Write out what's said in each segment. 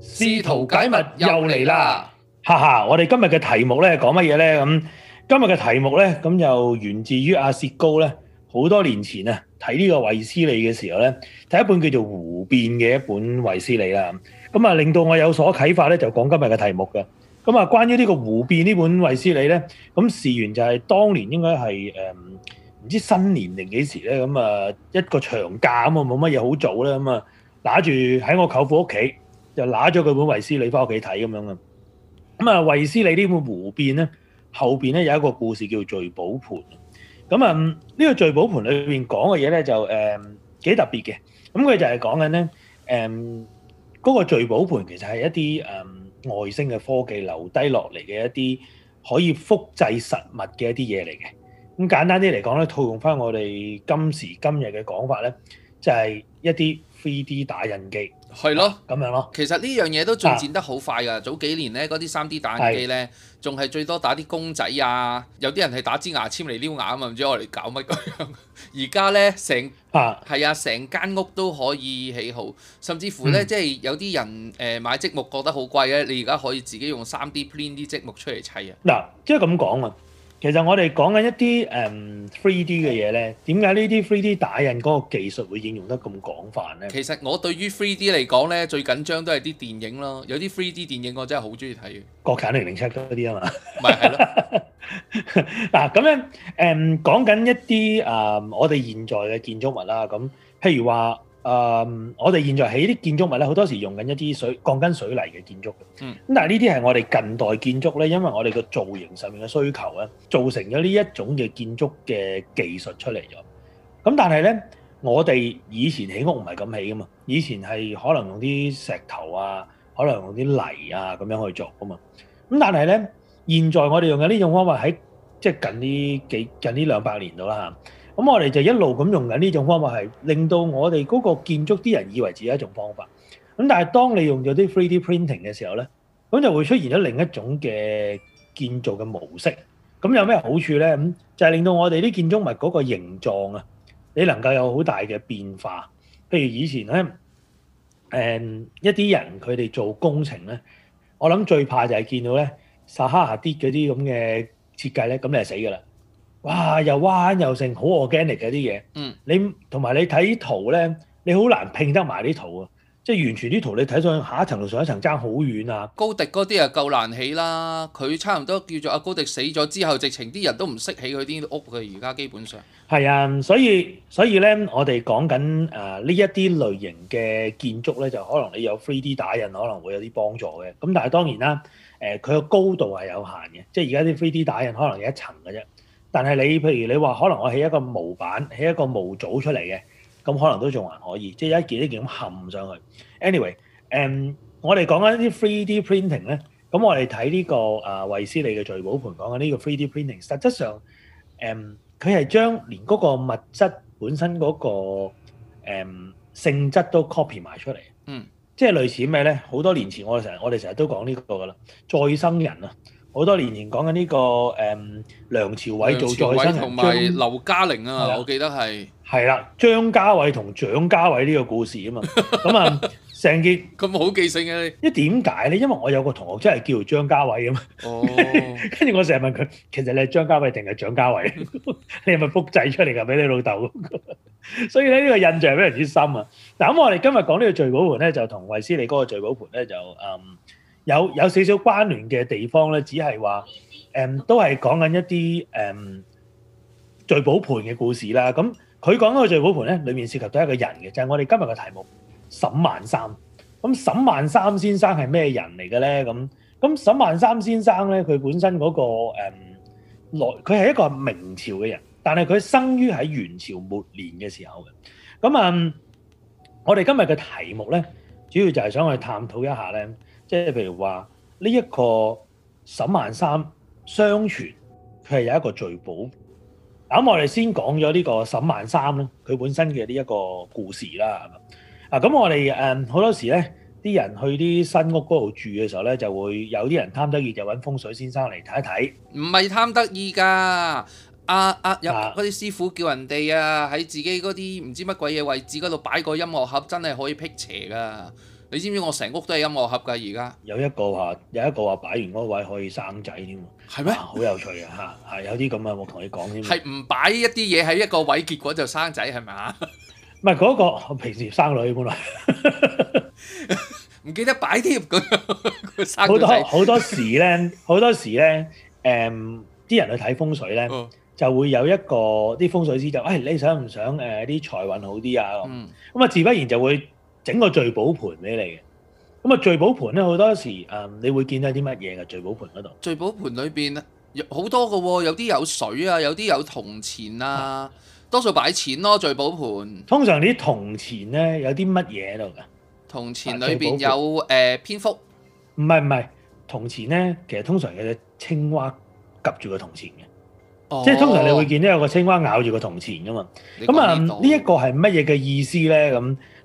試圖解密又嚟啦！哈哈，我哋今日嘅題目咧講乜嘢咧？咁、嗯、今日嘅題目咧咁就源自於阿薛高咧，好多年前啊睇呢個維斯理嘅時候咧，睇一本叫做《湖變》嘅一本維斯理啦，咁、嗯、啊令到我有所啟發咧，就講今日嘅題目嘅。咁、嗯、啊，關於呢個《湖、嗯、變》呢本維斯理咧，咁事源就係當年應該係誒唔知新年定幾時咧，咁、嗯、啊一個長假咁啊冇乜嘢好做咧，咁啊打住喺我舅父屋企。就拿咗佢本《衛斯理》翻屋企睇咁樣嘅，咁啊《衛斯理》呢本胡編咧，後邊咧有一個故事叫《聚寶盆》。咁、嗯、啊，呢個《聚寶盆》裏邊講嘅嘢咧就誒幾特別嘅。咁佢就係講緊咧誒嗰個聚寶盆、嗯嗯嗯嗰個、盆其實係一啲誒、嗯、外星嘅科技留低落嚟嘅一啲可以複製實物嘅一啲嘢嚟嘅。咁、嗯、簡單啲嚟講咧，套用翻我哋今時今日嘅講法咧，就係、係、一啲。3D 打印機係咯，咁樣咯。其實呢樣嘢都進展得好快㗎。早、啊、幾年咧，嗰啲 3D 打印機咧，仲係是最多打啲公仔啊。有啲人係打支牙籤嚟撩牙啊嘛，唔知我嚟搞乜咁樣。而家咧，成係啊，成、啊、間屋都可以起好，甚至乎咧，即係、嗯、有啲人誒、呃、買積木覺得好貴咧，你而家可以自己用 3D print 啲積木出嚟砌啊。嗱，即係咁講啊！其實我哋講緊一啲誒 three D 嘅嘢咧，點解呢啲 three D 打印嗰個技術會應用得咁廣泛咧？其實我對於 three D 嚟講咧，最緊張都係啲電影咯，有啲 three D 電影我真係好鍾意睇嘅。國產零零七多啲啊嘛，咪係咯。嗱，咁樣誒講緊一啲誒、嗯、我哋現在嘅建築物啦，咁譬如話。誒，um, 我哋現在起啲建築物咧，好多時用緊一啲水鋼筋水泥嘅建築。嗯。咁但係呢啲係我哋近代建築咧，因為我哋個造型上面嘅需求咧，造成咗呢一種嘅建築嘅技術出嚟咗。咁但係咧，我哋以前起屋唔係咁起噶嘛，以前係可能用啲石頭啊，可能用啲泥啊咁樣去做噶嘛。咁但係咧，現在我哋用緊呢種方法喺即係近呢幾近呢兩百年度啦嚇。咁我哋就一路咁用緊呢種方法，係令到我哋嗰個建築啲人以為自己係一種方法。咁但係當你用咗啲 three D printing 嘅時候咧，咁就會出現咗另一種嘅建造嘅模式。咁有咩好處咧？咁就係、是、令到我哋啲建築物嗰個形狀啊，你能夠有好大嘅變化。譬如以前咧，誒、嗯、一啲人佢哋做工程咧，我諗最怕就係見到咧撒哈拉啲嗰啲咁嘅設計咧，咁你係死㗎啦。哇！又彎又剩，好 organic 嘅啲嘢。嗯，你同埋你睇啲圖咧，你好難拼得埋啲圖啊！即係完全啲圖你睇上去，下一層同上一層爭好遠啊！高迪嗰啲啊，夠難起啦。佢差唔多叫做阿高迪死咗之後，直情啲人都唔識起佢啲屋。佢而家基本上係啊，所以所以咧，我哋講緊誒呢一啲類型嘅建築咧，就可能你有 three d 打印可能會有啲幫助嘅。咁但係當然啦，誒佢個高度係有限嘅，即係而家啲 three d 打印可能有一層嘅啫。但係你，譬如你話，可能我起一個模板，起一個模組出嚟嘅，咁可能都仲還可以，即係一件一件咁冚上去。anyway，誒，我哋講緊啲 three D printing 咧，咁我哋睇呢個啊衛斯理嘅聚寶盆，講緊呢個 three D printing，實質上，誒，佢係將連嗰個物質本身嗰個誒性質都 copy 埋出嚟，嗯，即係類似咩咧？好多年前我哋成日，我哋成日都講呢個㗎喇，再生人啊！好多年前講緊呢、這個誒、嗯、梁朝偉做再生人同埋劉嘉玲啊，張啊我記得係係啦，張家偉同蔣家偉呢個故事啊嘛，咁啊成件咁好記性啊！一點解咧？因為我有個同學真係叫張家偉啊嘛，跟住、哦、 我成日問佢，其實你係張家偉定係蔣家偉？ 你係咪複製出嚟噶？俾你老豆？ 所以咧，呢個印象非常之深啊！嗱咁，我哋今日講呢個聚寶盤，聚寶盆咧，就同衛斯理嗰個聚寶盆咧就誒。Um, 有有少少關聯嘅地方咧，只係話，誒、嗯、都係講緊一啲誒聚寶盆嘅故事啦。咁佢講緊嘅聚寶盆咧，裏面涉及到一個人嘅，就係、是、我哋今日嘅題目沈萬三。咁、嗯、沈萬三先生係咩人嚟嘅咧？咁、嗯、咁沈萬三先生咧，佢本身嗰、那個誒佢係一個明朝嘅人，但係佢生於喺元朝末年嘅時候嘅。咁、嗯、啊，我哋今日嘅題目咧，主要就係想去探討一下咧。即係譬如話呢一個沈萬三，相傳佢係有一個聚寶。咁我哋先講咗呢個沈萬三咧，佢本身嘅呢一個故事啦。啊，咁我哋誒好多時咧，啲人去啲新屋嗰度住嘅時候咧，就會有啲人貪得意就揾風水先生嚟睇一睇。唔係貪得意㗎，阿、啊、阿、啊、有啲師傅叫人哋啊喺自己嗰啲唔知乜鬼嘢位置嗰度擺個音樂盒，真係可以辟邪㗎。你知唔知我成屋都係音樂盒㗎？而家有一個話，有一個話擺完嗰位可以生仔添喎，係咩嗎？好、啊、有趣嘅嚇，係有啲咁啊！我同你講添，係唔擺一啲嘢喺一個位，結果就生仔係咪啊？唔係嗰個，平時生女本來，唔 記得擺添。嗰個、生好多好多時咧，好多時咧，誒啲、 嗯、人去睇風水咧，嗯、就會有一個啲風水師就誒、哎、你想唔想誒啲、呃、財運好啲啊？咁啊、嗯，自不然就會。整個聚寶盆俾你嘅，咁、嗯、啊聚寶盆咧好多時誒、嗯，你會見到啲乜嘢嘅聚寶盆嗰度？聚寶盆裏邊啊，好多嘅、哦，有啲有水啊，有啲有銅錢啊，嗯、多數擺錢咯。聚寶盆通常啲銅錢咧，有啲乜嘢喺度嘅？銅錢裏邊有誒蝙蝠，唔係唔係，銅錢咧，其實通常有隻青蛙夾住個銅錢嘅，即係通常你會見到有個青蛙咬住個銅錢噶嘛。咁啊呢一個係乜嘢嘅意思咧？咁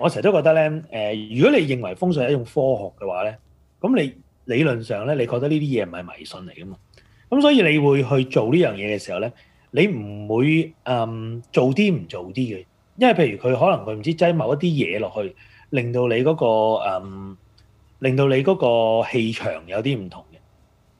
我成日都覺得咧，誒、呃，如果你認為風水係一種科學嘅話咧，咁你理論上咧，你覺得呢啲嘢唔係迷信嚟噶嘛？咁所以你會去做呢樣嘢嘅時候咧，你唔會誒、嗯、做啲唔做啲嘅，因為譬如佢可能佢唔知擠某一啲嘢落去，令到你嗰、嗰個、嗯、令到你嗰個氣場有啲唔同嘅。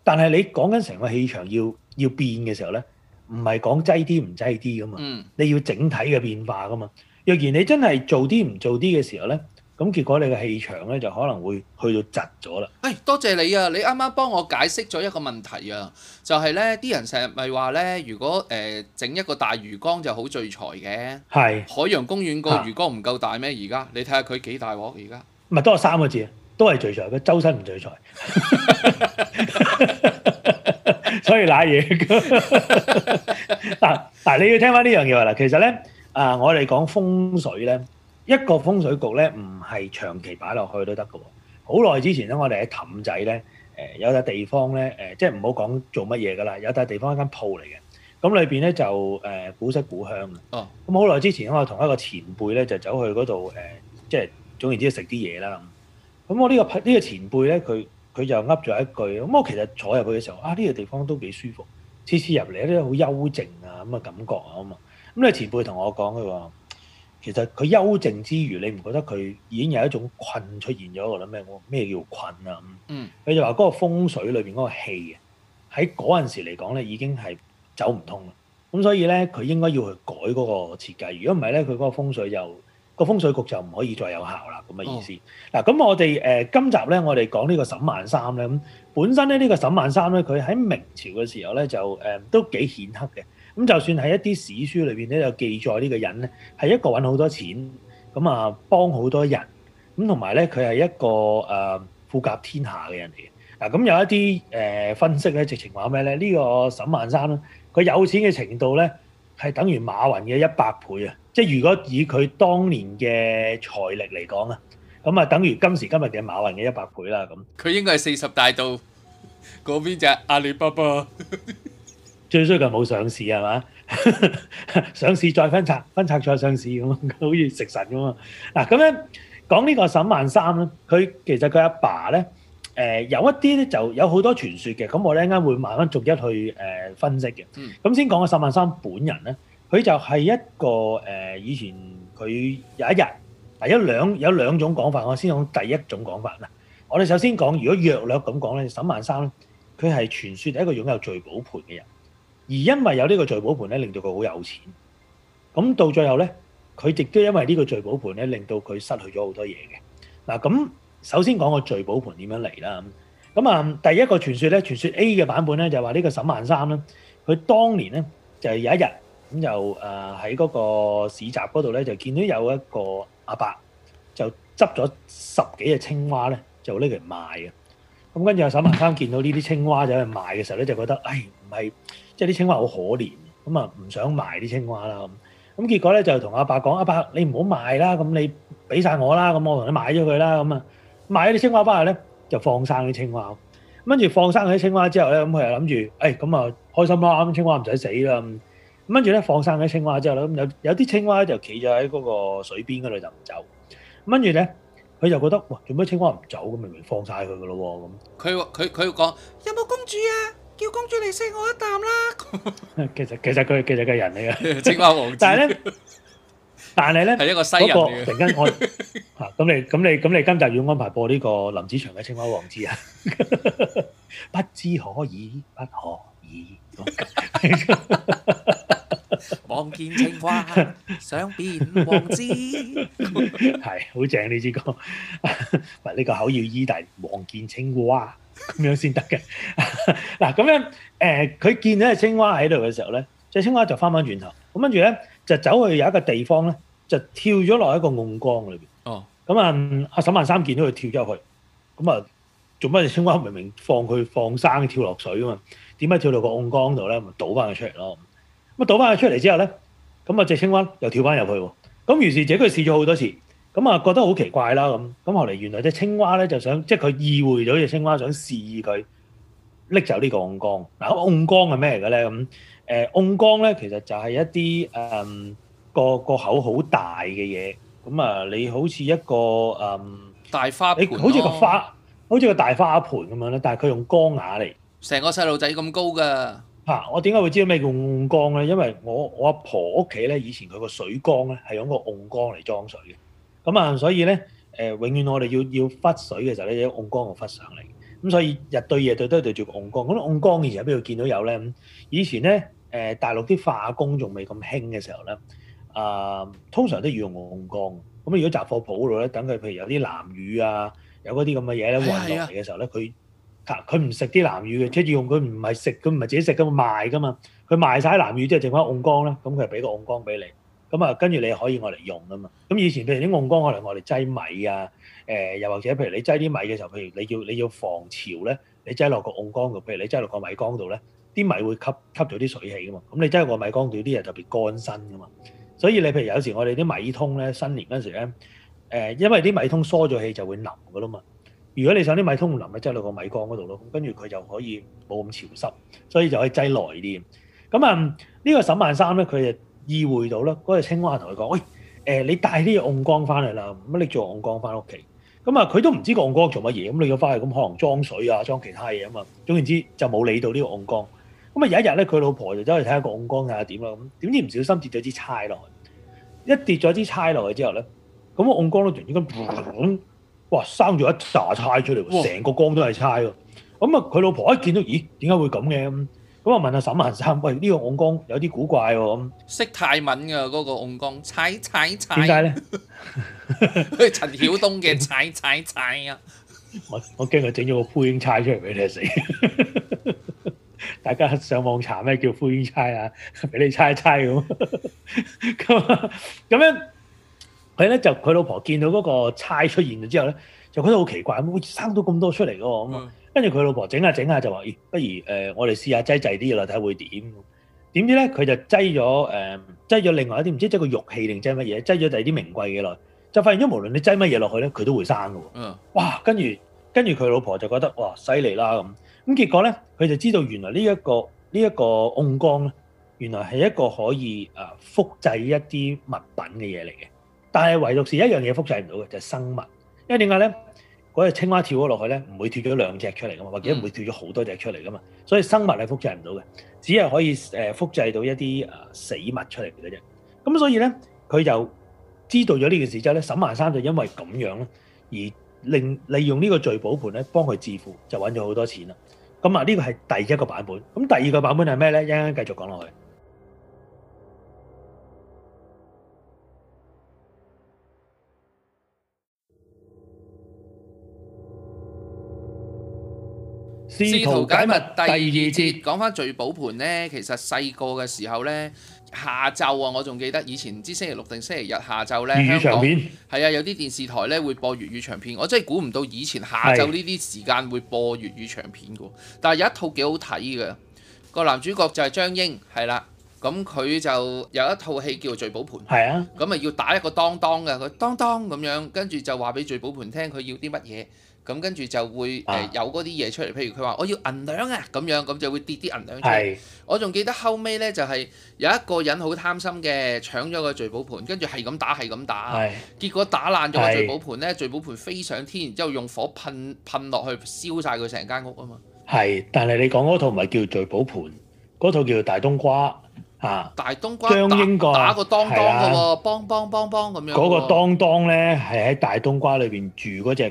但係你講緊成個氣場要要變嘅時候咧，唔係講擠啲唔擠啲噶嘛，你要整體嘅變化噶嘛。若然你真係做啲唔做啲嘅時候咧，咁結果你嘅氣場咧就可能會去到窒咗啦。誒，多謝你啊！你啱啱幫我解釋咗一個問題啊，就係咧啲人成日咪話咧，如果誒整一個大魚缸就好聚財嘅，係海洋公園個魚缸唔夠大咩？而家你睇下佢幾大鑊而家？唔係都係三個字，都係聚財嘅，周身唔聚財，所以瀨嘢。嗱嗱，你要聽翻呢樣嘢啦，其實咧。啊！我哋講風水咧，一個風水局咧，唔係長期擺落去都得嘅、哦。好耐之前咧，我哋喺氹仔咧，誒、呃、有笪地方咧，誒、呃、即係唔好講做乜嘢嘅啦。有笪地方一間鋪嚟嘅，咁裏邊咧就誒、呃、古色古香嘅。哦、啊，咁好耐之前我同一個前輩咧就走去嗰度誒，即係總言之食啲嘢啦。咁、呢個，我呢個呢個前輩咧，佢佢就噏咗一句，咁我其實坐入去嘅時候，啊呢、呢個地方都幾舒服，次次入嚟都好幽靜啊咁嘅感覺啊嘛。咁你前輩同我講佢話，其實佢幽靜之餘，你唔覺得佢已經有一種困出現咗個咧咩？咩叫困啊？嗯，佢就話嗰個風水裏邊嗰個氣，喺嗰陣時嚟講咧，已經係走唔通啦。咁所以咧，佢應該要去改嗰個設計。如果唔係咧，佢嗰個風水就個風水局就唔可以再有效啦。咁嘅意思。嗱、嗯，咁、啊、我哋誒、呃、今集咧，我哋講個呢個沈萬三咧。咁本身咧，這個、呢個沈萬三咧，佢喺明朝嘅時候咧，就誒、呃、都幾顯赫嘅。咁就算喺一啲史書裏邊咧，有記載呢個人咧，係一個揾好多錢，咁、嗯、啊幫好多人，咁同埋咧佢係一個誒、呃、富甲天下嘅人嚟嘅。嗱、啊、咁、嗯、有一啲誒、呃、分析咧，直情話咩咧？呢、這個沈萬三咧，佢有錢嘅程度咧，係等於馬雲嘅一百倍啊！即係如果以佢當年嘅財力嚟講啊，咁啊等於今時今日嘅馬雲嘅一百倍啦。咁佢應該係四十大盜嗰邊隻阿里巴巴。 最衰就冇上市係嘛？ 上市再分拆，分拆再上市咁，好 似食神咁啊！嗱，咁樣講呢個沈萬三咧，佢其實佢阿爸咧，誒、呃、有一啲咧就有好多傳説嘅，咁我哋陣間會慢慢逐一去誒、呃、分析嘅。咁、嗯、先講個沈萬三本人咧，佢就係一個誒、呃、以前佢有一日嗱，一兩有兩種講法，我先講第一種講法嗱。我哋首先講如果弱略咁講咧，沈萬三咧，佢係傳説第一個擁有聚寶盆嘅人。而因為有呢個聚寶盆咧，令到佢好有錢。咁到最後咧，佢亦都因為呢個聚寶盆咧，令到佢失去咗好多嘢嘅。嗱、啊，咁首先講個聚寶盆點樣嚟啦。咁啊，第一個傳説咧，傳説 A 嘅版本咧，就話呢個沈萬三咧，佢當年咧就有一日咁就誒喺嗰個市集嗰度咧，就見到有一個阿伯就執咗十幾隻青蛙咧，就拎嚟賣嘅。咁跟住阿沈萬三見到呢啲青蛙走去賣嘅時候咧，就覺得，誒唔係，即係啲青蛙好可憐，咁啊唔想賣啲青蛙啦。咁，咁結果咧就同阿伯講：阿伯，你唔好賣啦，咁你俾曬我啦，咁我同你買咗佢啦。咁啊，買咗啲青蛙翻嚟咧，就放生啲青蛙。跟住放生嗰啲青蛙之後咧，咁佢又諗住，誒咁啊開心啦，咁青蛙唔使死啦。咁跟住咧放生嗰啲青蛙之後咧，咁有有啲青蛙就企咗喺嗰個水邊嗰度就唔走。跟住咧。佢就覺得，哇，做咩青蛙唔走咁？明明放曬佢噶咯喎，咁。佢佢佢講：有冇公主啊？叫公主嚟食我一啖啦！其實其實佢其實係人嚟嘅青蛙王子，但係咧，但係咧係一個西人嚟嘅。突然間我嚇，咁你咁你咁你今集要安排播呢個林子祥嘅《青蛙王子》啊？不知可以，不可以？望見青蛙想變王子，係好正呢支歌。唔 呢個口要依，但望見青蛙咁樣先得嘅。嗱 咁、啊、樣，誒、呃，佢見到隻青蛙喺度嘅時候咧，隻青蛙就翻翻轉頭，咁跟住咧就走去有一個地方咧，就跳咗落一個甕缸裏邊。哦，咁、嗯、啊，阿沈萬三見到佢跳咗入去，咁啊，做乜隻青蛙明明放佢放生跳落水啊嘛？點解跳到個甕缸度咧？咪倒翻佢出嚟咯？咁倒翻佢出嚟之後咧，咁啊隻青蛙又跳翻入去喎。咁於是這佢試咗好多次，咁啊覺得好奇怪啦咁。咁後嚟原來隻青蛙咧就想，即係佢意會咗隻青蛙想示意佢拎走個、啊、呢個甕缸。嗱、嗯，甕缸係咩嚟嘅咧？咁誒甕缸咧其實就係一啲誒、嗯、個個口好大嘅嘢。咁啊你好似一個誒大花，你好似個、嗯、花個花，嗯、好似個大花盆咁樣咧。但係佢用缸瓦嚟，成個細路仔咁高噶。嚇、啊！我點解會知道咩叫甕缸咧？因為我我阿婆屋企咧，以前佢個水缸咧係用個甕缸嚟裝水嘅。咁、嗯、啊，所以咧誒、呃，永遠我哋要要揈水嘅時候咧，要甕缸我忽上嚟。咁、嗯、所以日對夜對都係對住個甕缸。咁甕缸以前喺邊度見到有咧？以前咧誒、呃，大陸啲化工仲未咁興嘅時候咧，啊、呃，通常都要用甕缸。咁、嗯、如果雜貨鋪度咧，等佢譬如有啲南乳啊，有嗰啲咁嘅嘢咧，運落嚟嘅時候咧，佢的。佢唔食啲南乳嘅，即係用佢唔係食，佢唔係自己食，佢賣噶嘛。佢賣晒南乳之後，即係剩翻甕缸啦。咁佢就俾個甕缸俾你。咁啊，跟住你可以我嚟用啊嘛。咁以前譬如啲甕缸可能我哋擠米啊，誒、呃、又或者譬如你擠啲米嘅時候，譬如你要你要防潮咧，你擠落個甕缸度，譬如你擠落個米缸度咧，啲米會吸吸咗啲水氣噶嘛。咁你擠落個米缸度啲嘢特別乾身噶嘛。所以你譬如有時我哋啲米通咧，新年嗰陣時咧，誒、呃、因為啲米通疏咗氣就會腍噶啦嘛。如果你上啲米通唔淋咧，擠落個米缸嗰度咯，跟住佢就可以冇咁潮濕，所以就可以擠耐啲。咁、嗯、啊，呢、這個沈萬三咧，佢就意會到啦。嗰、那個青蛙同佢講：，喂、哎，誒、呃，你帶啲嘢甕缸翻嚟啦，乜、嗯、你、嗯、做甕缸翻屋企？咁、嗯、啊，佢都唔知個甕缸做乜嘢，咁你要翻去，咁、嗯、可能裝水啊，裝其他嘢啊嘛。總言之就，就冇理到呢個甕缸。咁啊，有一日咧，佢老婆就走去睇下個甕缸啊點啦，咁點、嗯、知唔小心跌咗支叉落去，一跌咗支叉落去之後咧，咁、那個甕缸都突然之哇，生咗一紮猜出嚟，成個缸都係猜咯。咁啊哇，佢老婆一見到，咦？點解會咁嘅？咁我問下沈萬三，喂，呢、這個紅缸有啲古怪喎。咁識泰文嘅嗰、那個紅缸，猜猜猜。點解咧？係 陳曉東嘅猜猜猜啊！ 我我驚佢整咗個灰蠅猜出嚟俾你食。 大家上網查咩叫灰蠅猜啊？俾你猜猜咁。咁 樣。佢咧就佢老婆見到嗰個釵出現咗之後咧，就覺得好奇怪，會生到咁多出嚟喎，咁啊。跟住佢老婆整下整下就話，咦，不如誒、呃、我哋試下擠滯啲嘢落睇會點？點知咧佢就擠咗誒擠咗另外一啲唔知即係個玉器定擠乜嘢？擠咗第二啲名貴嘅落，就發現咗無論你擠乜嘢落去咧，佢都會生㗎喎。嗯，哇！跟住跟住佢老婆就覺得哇犀利啦咁咁，結果咧佢就知道原來呢、這、一個呢一、這個燉缸咧，原來係一個可以誒複製一啲物品嘅嘢嚟嘅。但係唯獨是一樣嘢複製唔到嘅就係、是、生物，因為點解咧？嗰、那、隻、個、青蛙跳咗落去咧，唔會脫咗兩隻出嚟噶嘛，或者唔會脫咗好多隻出嚟噶嘛，所以生物係複製唔到嘅，只係可以誒複製到一啲啊死物出嚟嘅啫。咁所以咧，佢就知道咗呢件事之後咧，沈萬三就因為咁樣咧而令利用呢個聚寶盆咧幫佢致富，就揾咗好多錢啦。咁、嗯、啊，呢個係第一個版本。咁第二個版本係咩咧？一陣繼續講落去。試圖解密第二節，講翻聚寶盆呢，其實細個嘅時候呢，下晝啊，我仲記得以前唔知星期六定星期日下晝呢，粵語長片香港係啊，有啲電視台呢會播粵語長片。我真係估唔到以前下晝呢啲時間會播粵語長片嘅。是但係有一套幾好睇嘅，個男主角就係張瑛係啦。咁佢、啊、就有一套戲叫《聚寶盆》。係啊。咁啊要打一個噹噹嘅，佢噹噹咁樣，跟住就話俾聚寶盆聽，佢要啲乜嘢。咁跟住就會誒有嗰啲嘢出嚟，譬如佢話我要銀兩啊咁樣，咁就會跌啲銀兩出嚟。我仲記得後尾呢，就係有一個人好貪心嘅，搶咗個聚寶盆，跟住係咁打係咁打，結果打爛咗個聚寶盆呢，聚寶盆飛上天，然之後用火噴噴落去燒晒佢成間屋啊嘛。係，但係你講嗰套唔係叫聚寶盆，嗰套叫大冬瓜嚇。大冬瓜將應該打個當當嘅喎，梆梆梆梆咁樣。嗰個當當呢係喺大冬瓜裏邊住嗰隻。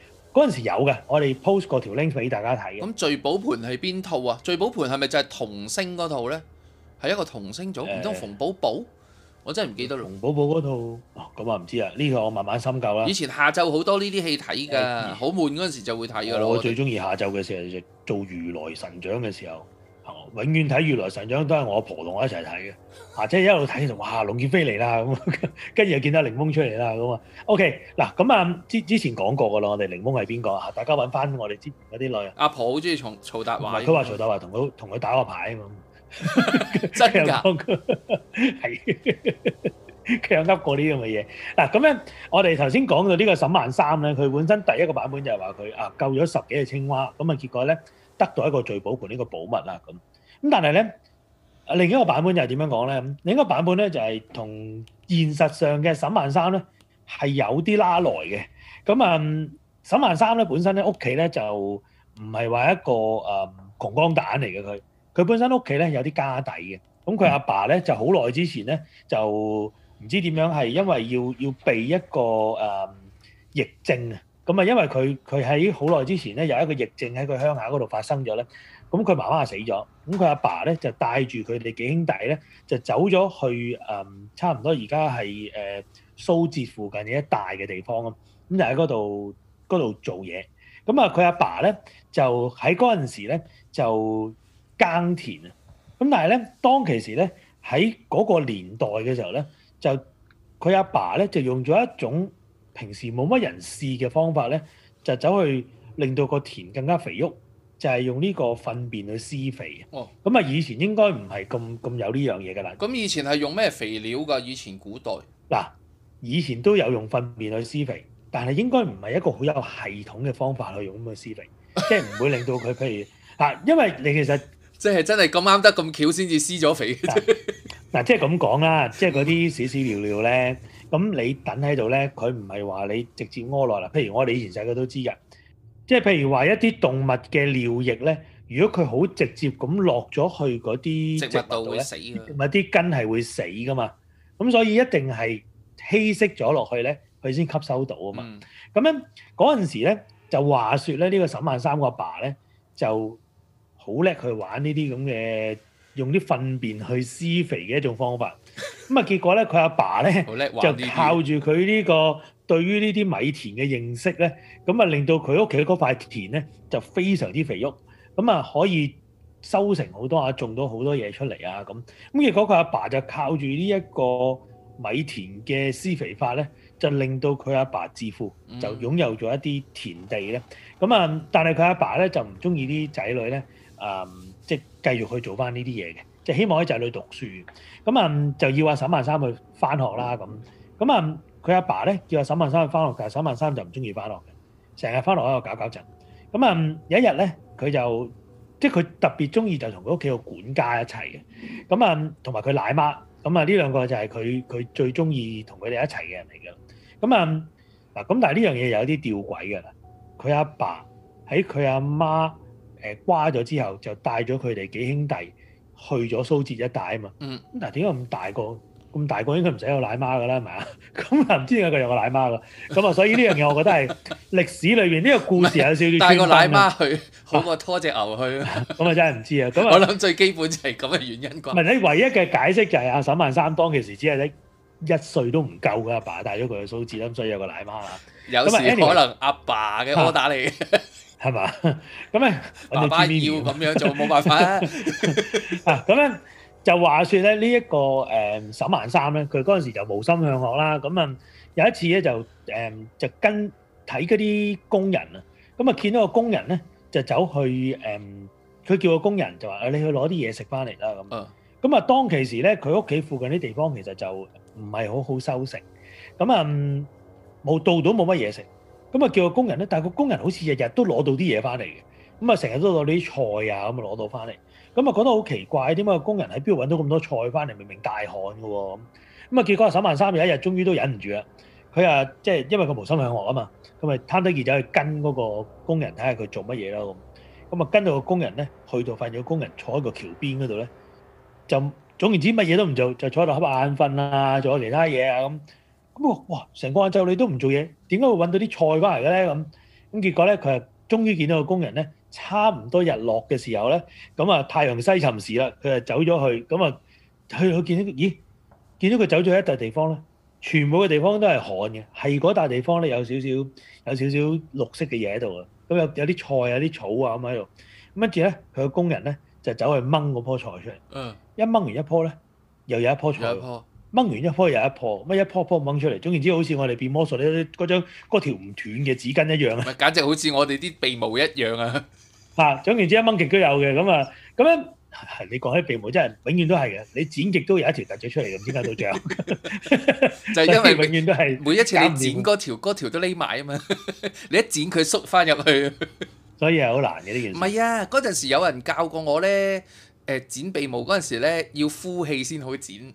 嗰陣時有嘅，我哋 post 過條 link 俾大家睇嘅。咁聚寶盆係邊套啊？聚寶盆係咪就係童星嗰套呢？係一個童星組，唔通、欸、馮寶寶？我真係唔記得咯。馮寶寶嗰套，咁啊唔知啊，呢、呢個我慢慢深究啦。以前下晝好多呢啲戲睇㗎，好、欸、悶嗰陣時就會睇㗎咯。我最中意下晝嘅時候就，時候就做如來神掌嘅時候。永遠睇《如來神掌》都係我阿婆同我一齊睇嘅，啊，即係一路睇就哇，龍劍飛嚟啦咁，跟住又見到檸檬出嚟啦咁啊。O K，嗱咁啊，之之前講過噶啦，我哋檸檬係邊個啊？大家揾翻我哋之前嗰啲女。阿婆好中意從曹達華。佢話曹達華同佢同佢打個牌啊嘛， 真㗎嗎。佢有噏過呢啲嘅嘢。嗱咁樣，樣，我哋頭先講到呢個沈萬三咧，佢本身第一個版本就係話佢啊救咗十幾隻青蛙，咁啊結果咧得到一個聚寶盆呢個寶物啦咁。咁但係咧，另一個版本就係點樣講咧？另一個版本咧就係同現實上嘅沈萬三咧係有啲拉來嘅。咁啊、嗯，沈萬三咧本身咧屋企咧就唔係話一個誒、嗯、窮光蛋嚟嘅佢。佢本身屋企咧有啲家底嘅。咁佢阿爸咧就好耐之前咧就唔知點樣係因為要要避一個誒、嗯、疫症啊。咁啊，因為佢佢喺好耐之前咧有一個疫症喺佢鄉下嗰度發生咗咧。咁佢媽媽死咗，咁佢阿爸咧就帶住佢哋幾兄弟咧就走咗去誒、嗯，差唔多而家係誒蘇浙附近嘅一帶嘅地方咯，咁就喺嗰度度做嘢。咁啊，佢阿爸咧就喺嗰陣時咧就耕田啊。咁但係咧，當其時咧喺嗰個年代嘅時候咧，就佢阿爸咧就用咗一種平時冇乜人試嘅方法咧，就走去令到個田更加肥沃。就係用呢個糞便去施肥哦，咁啊，以前應該唔係咁咁有呢樣嘢㗎啦。咁以前係用咩肥料㗎？以前古代嗱，以前都有用糞便去施肥，但係應該唔係一個好有系統嘅方法去用咁去施肥，即係唔會令到佢譬如啊，因為你其實即係真係咁啱得咁巧先至施咗肥。嗱，即係咁講啦，即係嗰啲屎屎尿尿咧，咁你等喺度咧，佢唔係話你直接屙落嗱，譬如我哋以前細個都知嘅。即係譬如話一啲動物嘅尿液咧，如果佢好直接咁落咗去嗰啲植物度咧，啲根係會死噶嘛。咁所以一定係稀釋咗落去咧，佢先吸收到啊嘛。咁樣嗰陣時咧，就話説咧，呢個沈萬三個阿爸咧就好叻去玩呢啲咁嘅用啲糞便去施肥嘅一種方法。咁啊 結果咧，佢阿爸咧就靠住佢呢個。對於呢啲米田嘅認識咧，咁啊令到佢屋企嗰塊田咧就非常之肥沃，咁啊可以收成好多啊，種到好多嘢出嚟啊咁。咁亦果，佢阿爸就靠住呢一個米田嘅施肥法咧，就令到佢阿爸致富，就擁有咗一啲田地咧。咁啊，但係佢阿爸咧就唔中意啲仔女咧，誒、嗯，即係繼續去做翻呢啲嘢嘅，即係希望啲仔女讀書。咁啊，就要阿沈萬三去翻學啦咁。咁啊。佢阿爸咧叫阿沈萬三翻學，但係沈萬三就唔中意翻學嘅，成日翻學喺度搞搞震。咁、嗯、啊有一日咧，佢就即係佢特別中意就同佢屋企個管家一齊嘅。咁啊同埋佢奶媽，咁啊呢兩個就係佢佢最中意同佢哋一齊嘅人嚟嘅。咁啊嗱，咁但係呢樣嘢有啲吊詭㗎啦。佢阿爸喺佢阿媽誒瓜咗之後，就帶咗佢哋幾兄弟去咗蘇浙一帶啊嘛。嗯。嗱，點解咁大個？咁大個應該唔使有奶媽㗎啦，係咪？咁又唔知有個有個奶媽㗎。咁啊，所以呢樣嘢我覺得係歷史裏邊呢個故事有少少穿。帶個奶媽去好過拖隻牛去。咁啊，真係唔知啊。咁我諗最基本就係咁嘅原因。唔係，你唯一嘅解釋就係阿沈萬三當其時只係你一歲都唔夠㗎。阿爸帶咗佢去蘇州，所以有個奶媽啦。有時可能阿爸嘅柯打你，係嘛？咁啊，揾到翻要咁樣做冇辦法啊。咁樣。就話説咧，呢一個誒沈萬三咧，佢嗰陣時就無心向學啦。咁啊，有一次咧就誒就跟睇嗰啲工人啊，咁啊見到個工人咧就走去誒，佢叫個工人就話：「你去攞啲嘢食翻嚟啦。」咁啊，當其時咧，佢屋企附近啲地方其實就唔係好好收成，咁啊冇到到冇乜嘢食，咁啊叫個工人咧，但係個工人好似日日都攞到啲嘢翻嚟嘅，咁啊成日都攞啲菜啊，咁啊攞到翻嚟。咁啊，就覺得好奇怪，點解個工人喺邊度揾到咁多菜翻嚟？明明大旱嘅喎。咁，咁啊，結果阿沈萬三有一日終於都忍唔住啦，佢啊，即係因為佢無心向學啊嘛，咁咪攤低件仔去跟嗰個工人睇下佢做乜嘢啦咁。咁啊，跟到個工人咧，去到發現個工人坐喺個橋邊嗰度咧，就總言之乜嘢都唔做，就坐喺度瞌眼瞓啊，做咗其他嘢啊咁。咁哇，成個晏晝你都唔做嘢，點解會揾到啲菜翻嚟嘅咧？咁咁結果咧，佢啊，終於見到個工人咧。差唔多日落嘅時候咧，咁啊，太陽西沉時啦，佢就走咗去。咁啊去去見到咦，見到佢走咗一笪地方咧，全部嘅地方都係旱嘅，係嗰笪地方咧，有少少，有少少綠色嘅嘢喺度啊。咁有，有啲菜啊、啲草啊咁喺度，咁跟住咧，佢個工人咧就走去掹嗰棵菜出嚟，嗯，一掹完一棵咧，又有一棵菜一棵。掹完一樖又一樖，乜一樖樖掹出嚟，總言之好似我哋變魔術咧，嗰條唔斷嘅紙巾一樣咧。唔簡直好似我哋啲鼻毛一樣啊！嚇、啊，總言之一掹極都有嘅，咁啊，咁樣係你講起鼻毛真係永遠都係嘅，你剪極都有一條凸咗出嚟咁點解到長。 就係因為 永遠都係每一次你剪嗰條，嗰條都匿埋啊嘛， 你一剪佢縮翻入去， 所以係好難嘅呢件事。唔係啊，嗰陣時有人教過我咧。誒剪鼻毛嗰陣時咧，要呼氣先好剪，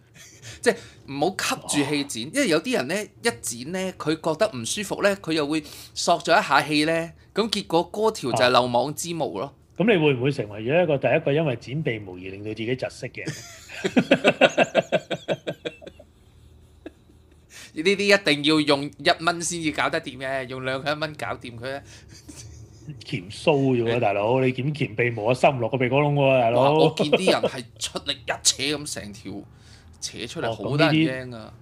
即係唔好吸住氣剪，哦、因為有啲人咧一剪咧，佢覺得唔舒服咧，佢又會索咗一下氣咧，咁結果嗰條就係漏網之毛咯。咁、哦、你會唔會成為咗一個第一個因為剪鼻毛而令到自己窒息嘅人？呢 啲 一定要用一蚊先至搞得掂嘅，用兩個一蚊搞掂佢。 鉗鬚咗喎，大佬！你鉗鉗鼻毛收唔落個鼻哥窿喎，大佬！我見啲人係出力一扯咁，成條扯出嚟好得驚啊！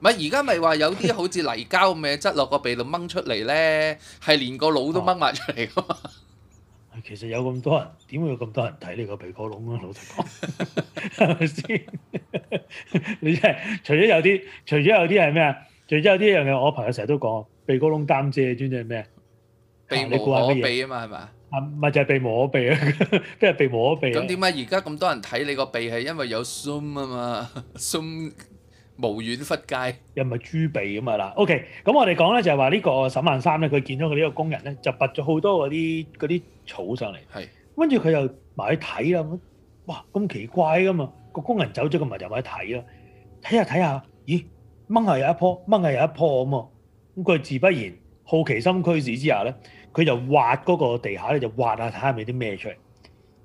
唔係，而家咪話有啲好似泥膠咁嘅嘢，擠落個鼻度掹出嚟咧，係連個腦都掹埋出嚟噶。其實有咁多人，點會有咁多人睇你個鼻哥窿啊？老實講，係咪先？你真係除咗有啲，除咗有啲係咩啊？除咗有啲一樣嘢，我朋友成日都講，鼻哥窿擔遮，真正係咩啊？鼻毛啊，鼻啊嘛，係嘛？啊，咪就係鼻毛啊，鼻啊，即係鼻毛啊，鼻啊？咁點解而家咁多人睇你個鼻係因為有 Zoom 啊嘛？Zoom 無遠弗屆又唔係豬鼻咁啊啦。OK，咁我哋講咧就係話呢個沈萬三咧，佢見到佢呢個工人咧，就拔咗好多嗰啲嗰啲草上嚟。係，跟住佢又埋去睇啦。哇，咁奇怪噶嘛？個工人走咗，佢咪埋去睇咯。睇下睇下，咦，掹下有一樖，掹下有一樖咁啊！咁佢自不然。好奇心驅使之下咧，佢就挖嗰個地下咧，就挖下睇下有啲咩出嚟。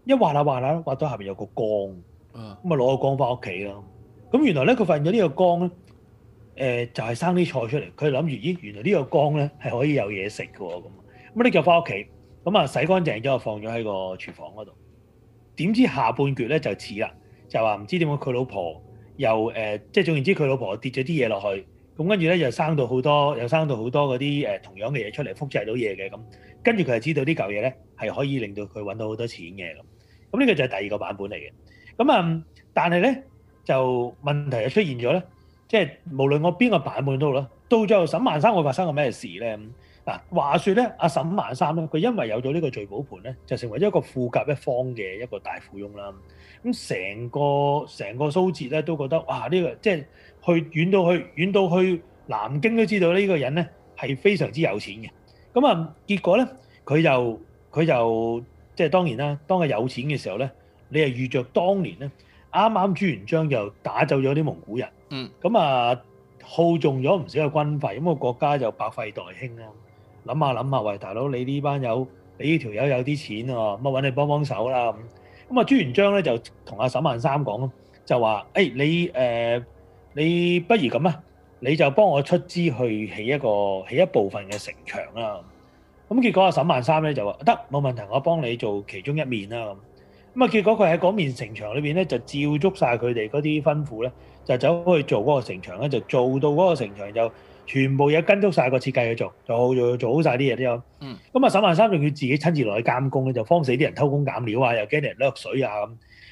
一挖一下挖下，挖到下面有個缸，咁啊、嗯，攞個缸翻屋企咯。咁原來咧，佢發現咗呢個缸，咧、呃，誒就係、是、生啲菜出嚟。佢諗住，咦，原來呢個缸咧係可以有嘢食嘅喎咁。咁拎咗翻屋企，咁啊洗乾淨咗，放咗喺個廚房嗰度。點知下半橛咧就似啦，就話唔知點解佢老婆又誒、呃，即係總言之，佢老婆跌咗啲嘢落去。咁跟住咧又生到好多，又生到好多嗰啲誒同樣嘅嘢出嚟複製到嘢嘅咁，跟住佢係知道啲舊嘢咧係可以令到佢揾到好多錢嘅咁。咁、這、呢個就係第二個版本嚟嘅。咁啊，但係咧就問題又出現咗咧，即係無論我邊個版本都好啦，到最後沈萬三會發生個咩事咧？嗱，話説咧，阿沈萬三咧，佢因為有咗呢個聚寶盆咧，就成為一個富甲一方嘅一個大富翁啦。咁成個成個蘇浙咧都覺得哇！呢、這個即係。去遠到去，遠到去南京都知道呢個人咧係非常之有錢嘅。咁啊，結果咧佢就佢就即係當然啦。當佢有錢嘅時候咧，你係遇着當年咧啱啱朱元璋又打走咗啲蒙古人，嗯，咁啊耗中咗唔少嘅軍費，咁個國家就百廢待興啦。諗下諗下，喂大佬，你呢班友，你呢條友有啲錢啊，咪揾你幫幫手啦咁。咁啊朱元璋咧就同阿沈萬三講咯，就話誒你誒。呃你不如咁啊，你就幫我出資去起一個起一部分嘅城牆啦。咁結果阿沈萬三咧就話得冇問題，我幫你做其中一面啦。咁咁啊，結果佢喺嗰面城牆裏邊咧就照足晒佢哋嗰啲吩咐咧，就走去做嗰個城牆咧，就做到嗰個城牆就全部嘢跟足晒個設計去做，做做好晒啲嘢之後，嗯，咁啊沈萬三仲要自己親自落去監工咧，就慌死啲人偷工減料啊，又驚人掠水啊咁，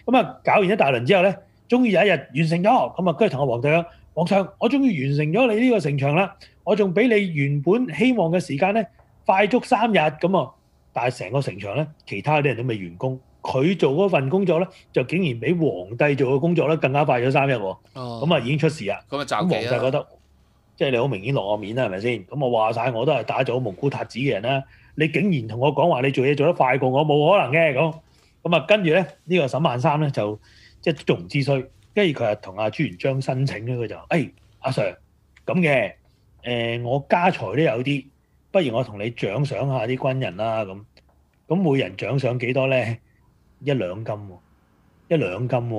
咁啊搞完一大輪之後咧。終於有一日完成咗，咁啊，跟住同個皇帝咯，皇上，我終於完成咗你呢個城牆啦，我仲比你原本希望嘅時間咧快足三日，咁啊，但係成個城牆咧，其他啲人都未完工，佢做嗰份工作咧，就竟然比皇帝做嘅工作咧更加快咗三日喎，咁啊、嗯、已經出事啦，咁、嗯嗯、啊，皇帝覺得即係你好明顯落我面啦，係咪先？咁我話晒，我都係打造蒙古塔子嘅人啦，你竟然同我講話你做嘢做得快過我，冇可能嘅，咁咁啊，跟住咧呢個沈萬三咧就。即係仲唔知衰，跟住佢係同阿朱元璋申請咧，佢就誒阿、哎啊、Sir 咁嘅，誒、呃、我家財都有啲，不如我同你獎賞下啲軍人啦咁，咁每人獎賞幾多咧？一兩金喎、哦，一兩金喎、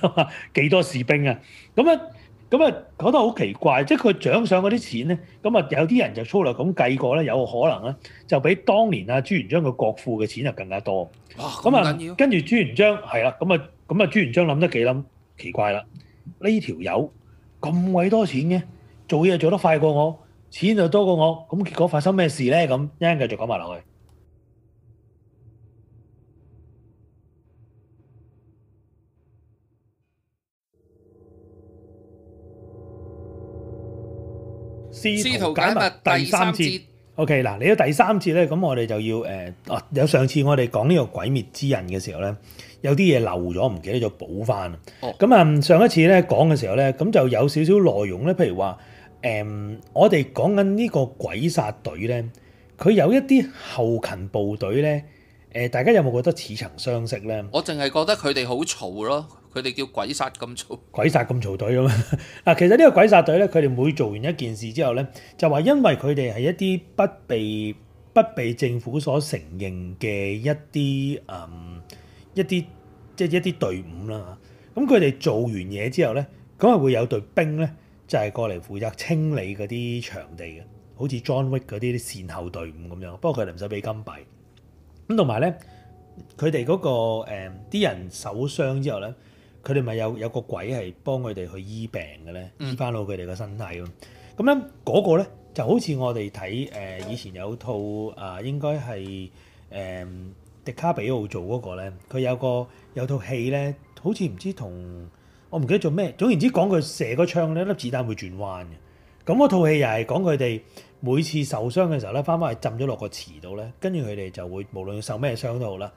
哦，幾、嗯、 多士兵啊？咁啊咁啊，覺得好奇怪，即係佢獎賞嗰啲錢咧，咁啊有啲人就粗略咁計過咧，有可能咧就比當年阿朱元璋嘅國庫嘅錢就更加多。哇！咁啊，跟住朱元璋係啦，咁啊。咁啊朱元璋諗得幾諗奇怪啦。呢條友咁鬼多錢嘅，做嘢做得快過我，錢又多過我，咁結果發生咩事咧？咁，一陣繼續講埋落去。試圖解密第三節。OK 嗱，嚟咗第三次咧，咁我哋就要誒，哦、呃，有上次我哋講呢個「鬼滅之刃」嘅時候咧，有啲嘢漏咗，唔記得咗補翻。哦，咁啊，上一次咧講嘅時候咧，咁就有少少內容咧，譬如話，誒、呃，我哋講緊呢個鬼殺隊咧，佢有一啲後勤部隊咧，誒、呃，大家有冇覺得似曾相識咧？我淨係覺得佢哋好嘈咯。佢哋叫鬼殺咁嘈，鬼殺咁嘈隊吖嘛！其實呢個鬼殺隊咧，佢哋每做完一件事之後咧，就話因為佢哋係一啲不被不被政府所承認嘅一啲，嗯，一啲即係一啲隊伍啦。咁佢哋做完嘢之後咧，咁係會有隊兵咧，就係過嚟負責清理嗰啲場地嘅，好似 John Wick 嗰啲善後隊伍咁樣。不過佢哋唔使俾金幣。咁同埋咧，佢哋嗰個誒啲人受傷之後咧。佢哋咪有有個鬼係幫佢哋去醫病嘅咧，醫翻、嗯、到佢哋個身體咯。咁咧嗰個咧就好似我哋睇誒以前有套啊、呃，應該係誒、呃、迪卡比奧做嗰個咧。佢有個有套戲咧，好似唔知同我唔記得做咩。總言之，講佢射個槍咧，粒子彈會轉彎嘅。咁嗰套戲又係講佢哋每次受傷嘅時候咧，翻翻去浸咗落個池度咧，跟住佢哋就會無論受咩傷都好啦。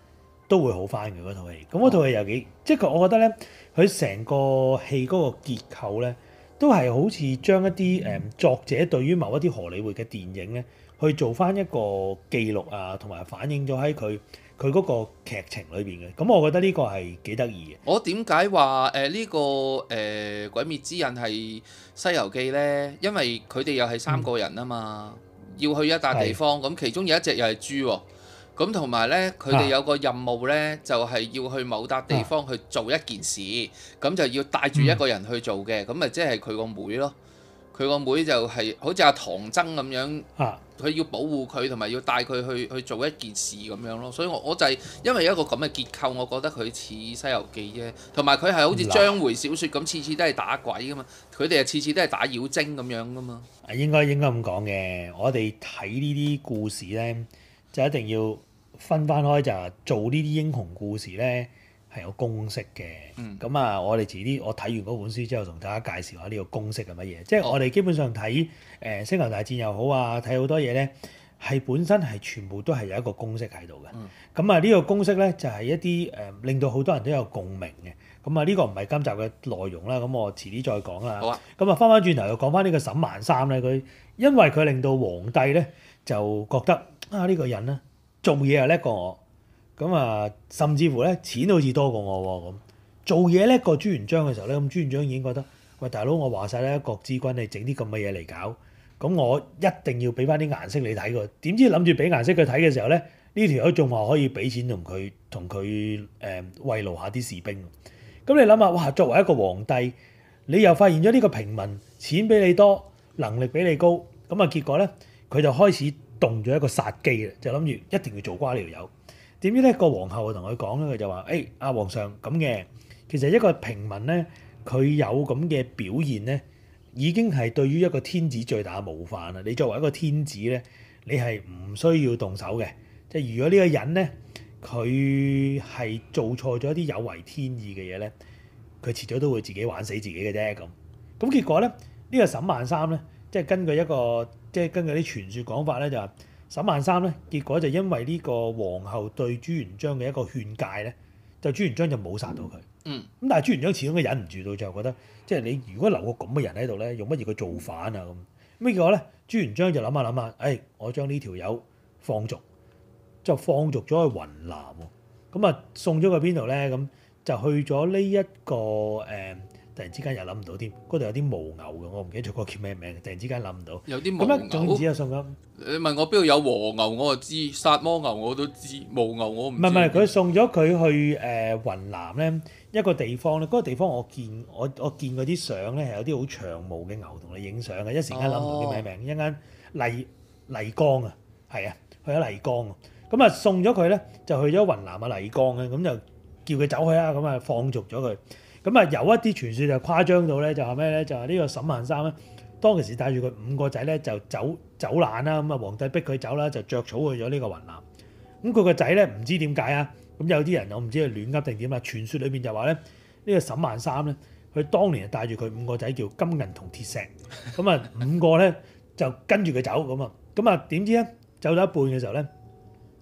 都會好翻嘅嗰套戲，咁嗰套戲又幾，哦、即係我覺得呢，佢成個戲嗰個結構咧，都係好似將一啲誒、嗯、作者對於某一啲荷里活嘅電影呢，去做翻一個記錄啊，同埋反映咗喺佢佢嗰個劇情裏邊嘅，咁我覺得呢個係幾得意嘅。我點解話誒呢個誒、呃《鬼滅之刃》係《西遊記》呢？因為佢哋又係三個人啊嘛，嗯、要去一笪地方，咁是其中有一隻又係豬喎。咁同埋呢，佢哋有個任務呢，就係、是、要去某笪地方去做一件事，咁、啊、就要帶住一個人去做嘅，咁咪即係佢個妹咯。佢個妹就係好似阿唐僧咁樣，佢、啊、要保護佢，同埋要帶佢去去做一件事咁樣咯。所以我我就係因為一個咁嘅結構，我覺得佢似《西遊記》啫，同埋佢係好似章回小說咁，次次都係打鬼噶嘛，佢哋啊次次都係打妖精咁樣噶嘛。啊，應該應該咁講嘅，我哋睇呢啲故事呢，就一定要。分翻開就係、做呢啲英雄故事咧，係有公式嘅。咁、嗯、啊，我哋遲啲我睇完嗰本書之後，同大家介紹下呢個公式係乜嘢。即係我哋基本上睇誒、呃《星球大戰》又好啊，睇好多嘢咧，係本身係全部都係有一個公式喺度嘅。咁、嗯、啊，呢、呢個公式咧就係、係、一啲誒、呃、令到好多人都有共鳴嘅。咁啊，呢、呢個唔係今集嘅內容啦。咁、啊、我遲啲再講啦。好啊。咁啊，翻翻轉頭又講翻呢個沈萬三咧，佢因為佢令到皇帝咧就覺得啊呢、啊呢個人咧。做嘢又叻過我，咁啊，甚至乎咧錢都好似多過我喎咁。做嘢叻過朱元璋嘅時候咧，咁朱元璋已經覺得，喂大佬，我話晒咧，國之君你整啲咁嘅嘢嚟搞，咁我一定要俾翻啲顏色你睇佢。點知諗住俾顏色佢睇嘅時候咧，呢條友仲話可以俾錢同佢同佢誒慰勞下啲士兵。咁你諗下，哇！作為一個皇帝，你又發現咗呢個平民錢比你多，能力比你高，咁啊結果咧佢就開始，動咗一個殺機啦，就諗住一定要做瓜呢條友。點知咧，個皇后同佢講咧，佢就話：誒、哎，阿皇上咁嘅，其實一個平民咧，佢有咁嘅表現咧，已經係對於一個天子最大冒犯啦。你作為一個天子咧，你係唔需要動手嘅。即係如果呢個人咧，佢係做錯咗一啲有違天意嘅嘢咧，佢遲早都會自己玩死自己嘅啫。咁咁結果咧，呢、這個沈萬三咧，即係根據一個。即係根據啲傳説講法咧，就話沈萬三咧，結果就因為呢個皇后對朱元璋嘅一個勸戒咧，就朱元璋就冇殺到佢。嗯，咁但係朱元璋始終都忍唔住到，就覺得即係你如果留個咁嘅人喺度咧，用乜嘢佢造反啊咁？咁結果咧，朱元璋就諗下諗下，誒、哎，我將呢條友放逐，就放逐咗去雲南喎。咁、嗯、啊，送咗去邊度咧？咁、嗯、就去咗呢一個誒。嗯突然之間又諗唔到添，嗰度有啲毛牛嘅，我唔記得咗個叫咩名。突然之間諗唔到，有啲毛牛。總之啊，送咁，你問我邊度有和牛，我就知；殺魔牛我都知，毛牛我唔。唔係唔係，佢送咗佢去誒雲南咧一個地方咧，嗰個地方我見我我見嗰啲相咧，係有啲好長毛嘅牛同你影相嘅，一時間諗唔到叫咩名，一陣間麗麗江啊，係啊，去咗麗江啊，咁啊送咗佢咧就去咗雲南啊麗江啊，咁就叫佢走去啦，咁啊放逐咗佢。咁啊、嗯，有一啲傳説就誇張到咧，就話咩咧？就話呢個沈萬三咧，當其時帶住佢五個仔咧，就走走難啦。咁啊，皇帝逼佢走啦，就着草去咗呢個雲南。咁佢個仔咧，唔知點解啊？咁、嗯、有啲人我唔知係亂噏定點啦。傳説裏邊就話咧，呢、這個沈萬三咧，佢當年帶住佢五個仔叫金銀同鐵石，咁、嗯、啊五個咧就跟住佢走咁啊。咁啊點知咧？走咗一半嘅時候咧，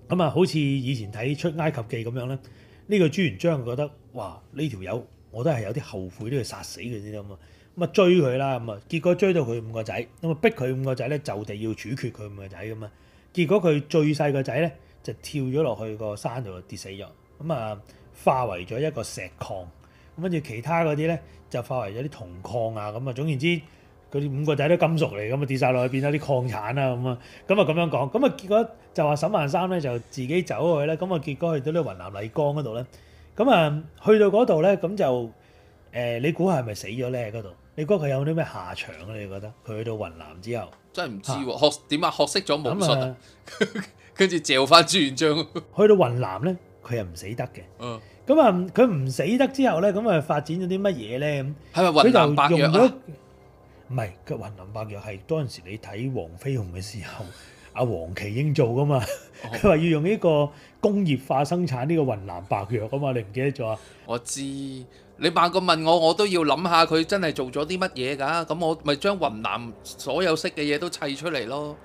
咁、嗯、啊好似以前睇出埃及記咁樣咧，呢、這個朱元璋覺得哇呢條友～、這個我都係有啲後悔都要殺死佢先咁啊，咁啊追佢啦，咁啊結果追到佢五個仔，咁啊逼佢五個仔咧就地要處決佢五個仔咁啊，結果佢最細個仔咧就跳咗落去個山度跌死咗，咁啊化為咗一個石礦，咁跟住其他嗰啲咧就化為咗啲銅礦啊，咁啊總言之佢啲五個仔都金屬嚟，咁啊跌晒落去變咗啲礦產啊，咁啊咁啊咁樣講，咁啊結果就話沈萬三咧就自己走去咧，咁啊結果去到呢雲南麗江嗰度咧。咁啊、嗯，去到嗰度咧，咁就誒、呃，你估下係咪死咗咧？嗰度，你估佢有啲咩下場咧？你覺得佢去到雲南之後，真係唔知喎，學點啊，學識咗武術，啊、 跟住嚼翻朱元璋。去到雲南咧，佢又唔死得嘅。嗯。咁啊，佢唔死得之後咧，咁啊發展咗啲乜嘢咧？係咪雲南白藥啊？唔係，雲南白藥係當時你睇黃飛鴻嘅時候。 阿黃奇英做㗎嘛？佢話、oh. 要用呢個工業化生產呢個雲南白藥㗎嘛？你唔記得咗啊？我知你問我問我，我都要諗下佢真係做咗啲乜嘢㗎？咁我咪將雲南所有識嘅嘢都砌出嚟咯。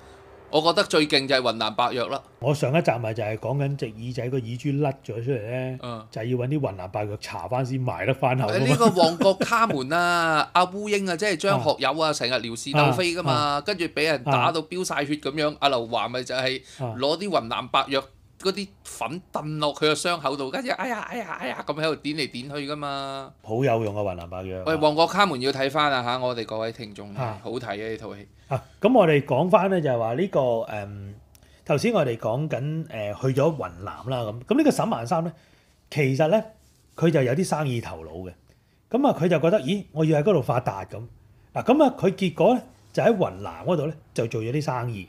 我覺得最勁就係雲南白藥啦！我上一集咪就係講緊隻耳仔個耳珠甩咗出嚟咧，嗯、就係要揾啲雲南白藥搽翻先埋得翻口。誒呢、嗯這個旺角卡門啊， 阿烏英啊，即係張學友啊，成日撩事鬥飛噶嘛，跟住俾人打到飆晒血咁樣，嗯嗯、阿劉華咪就係攞啲雲南白藥嗰啲粉燉落佢個傷口度，跟住、嗯嗯、哎呀哎呀哎呀咁喺度點嚟點去噶嘛，好有用啊雲南白藥！喂、嗯，旺角卡門要睇翻啊嚇、啊，我哋各位聽眾好睇嘅呢套戲。咁、啊、我哋講翻咧就係話呢個誒頭先我哋講緊誒去咗雲南啦咁，咁呢個沈萬三咧其實咧佢就有啲生意頭腦嘅，咁啊佢就覺得咦我要喺嗰度發達咁，嗱咁啊佢結果咧就喺雲南嗰度咧就做咗啲生意，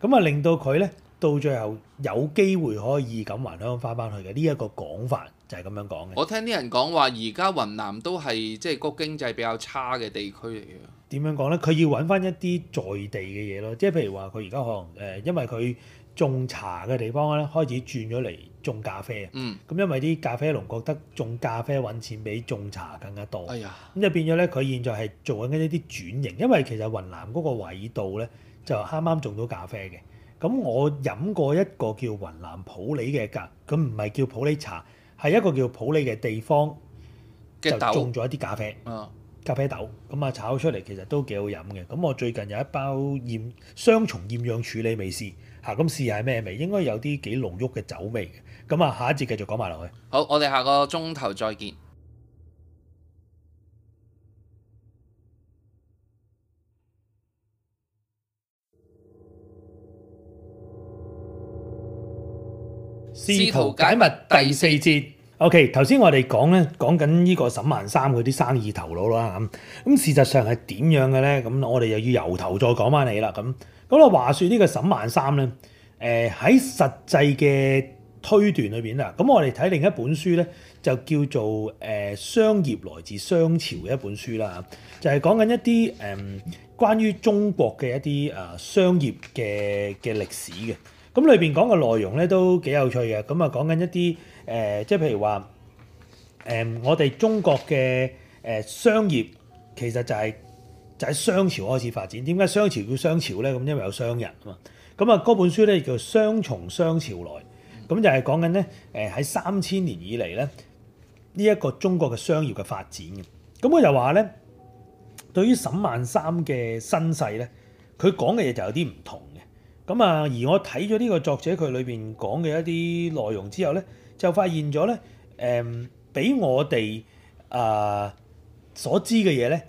咁啊令到佢咧到最後有機會可以咁還鄉翻翻去嘅呢一個講法。就係咁樣講嘅。我聽啲人講話，而家雲南都係即係個經濟比較差嘅地區嚟嘅。點樣講咧？佢要揾翻一啲在地嘅嘢咯。即係譬如話，佢而家可能誒、呃，因為佢種茶嘅地方咧開始轉咗嚟種咖啡啊。嗯。咁因為啲咖啡農覺得種咖啡揾錢比種茶更加多。哎呀。咁就變咗咧，佢現在係做緊一啲啲轉型，因為其實雲南嗰個緯度咧就啱啱種到咖啡嘅。咁我飲過一個叫雲南普洱嘅咖，咁唔係叫普洱茶。係一個叫普洱嘅地方，豆就種咗一啲咖啡，嗯、咖啡豆，咁啊炒出嚟其實都幾好飲嘅。咁我最近有一包雙重厭氧處理未試，吓咁試下咩味？應該有啲幾濃郁嘅酒味。咁啊下一節繼續講埋落去。好，我哋下個鐘頭再見。試圖解密第四節。OK，頭先我哋講咧講緊呢個沈萬三佢啲生意頭腦啦，咁、嗯、咁事實上係點樣嘅咧？咁我哋又要由頭再講翻你啦。咁咁話說呢個沈萬三咧，誒、呃、喺實際嘅推斷裏邊啦，咁我哋睇另一本書咧，就叫做誒、呃《商業來自商朝》嘅一本書啦，就係講緊一啲誒、呃、關於中國嘅一啲誒商業嘅嘅歷史嘅。咁裏邊講嘅內容咧都幾有趣嘅，咁啊講緊一啲誒、呃，即係譬如話誒、呃，我哋中國嘅誒、呃、商業其實就係、是、就喺、是、商朝開始發展。點解商朝叫商朝咧？咁因為有商人啊嘛。咁啊嗰本書咧叫《商從商朝來》，咁就係講緊咧誒喺三千年以嚟咧呢一、這個中國嘅商業嘅發展嘅。咁、嗯、我、嗯嗯、就話咧，對於沈萬三嘅身世咧，佢講嘅嘢就有啲唔同。咁啊，而我睇咗呢個作者佢裏邊講嘅一啲內容之後咧，就發現咗咧，誒、呃，畀我哋啊、呃、所知嘅嘢咧，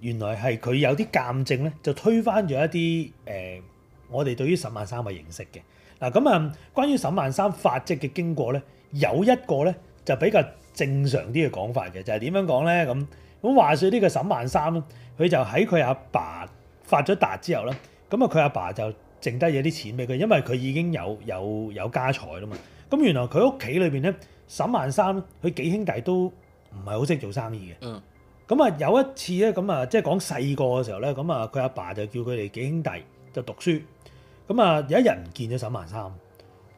原來係佢有啲鑑證咧，就推翻咗一啲誒、呃、我哋對於沈萬三嘅認識嘅。嗱，咁啊，嗯、關於沈萬三發跡嘅經過咧，有一個咧就比較正常啲嘅講法嘅，就係點樣講咧？咁咁話説呢個沈萬三咧，佢就喺佢阿爸發咗達之後咧，咁啊佢阿爸就，剩低嘅啲錢俾佢，因為佢已經有有有家財啦嘛。咁原來佢屋企裏邊咧，沈萬三佢幾兄弟都唔係好識做生意嘅。嗯。咁啊有一次咧，咁啊即係講細個嘅時候咧，咁啊佢阿爸就叫佢哋幾兄弟就讀書。咁啊有一日唔見咗沈萬三。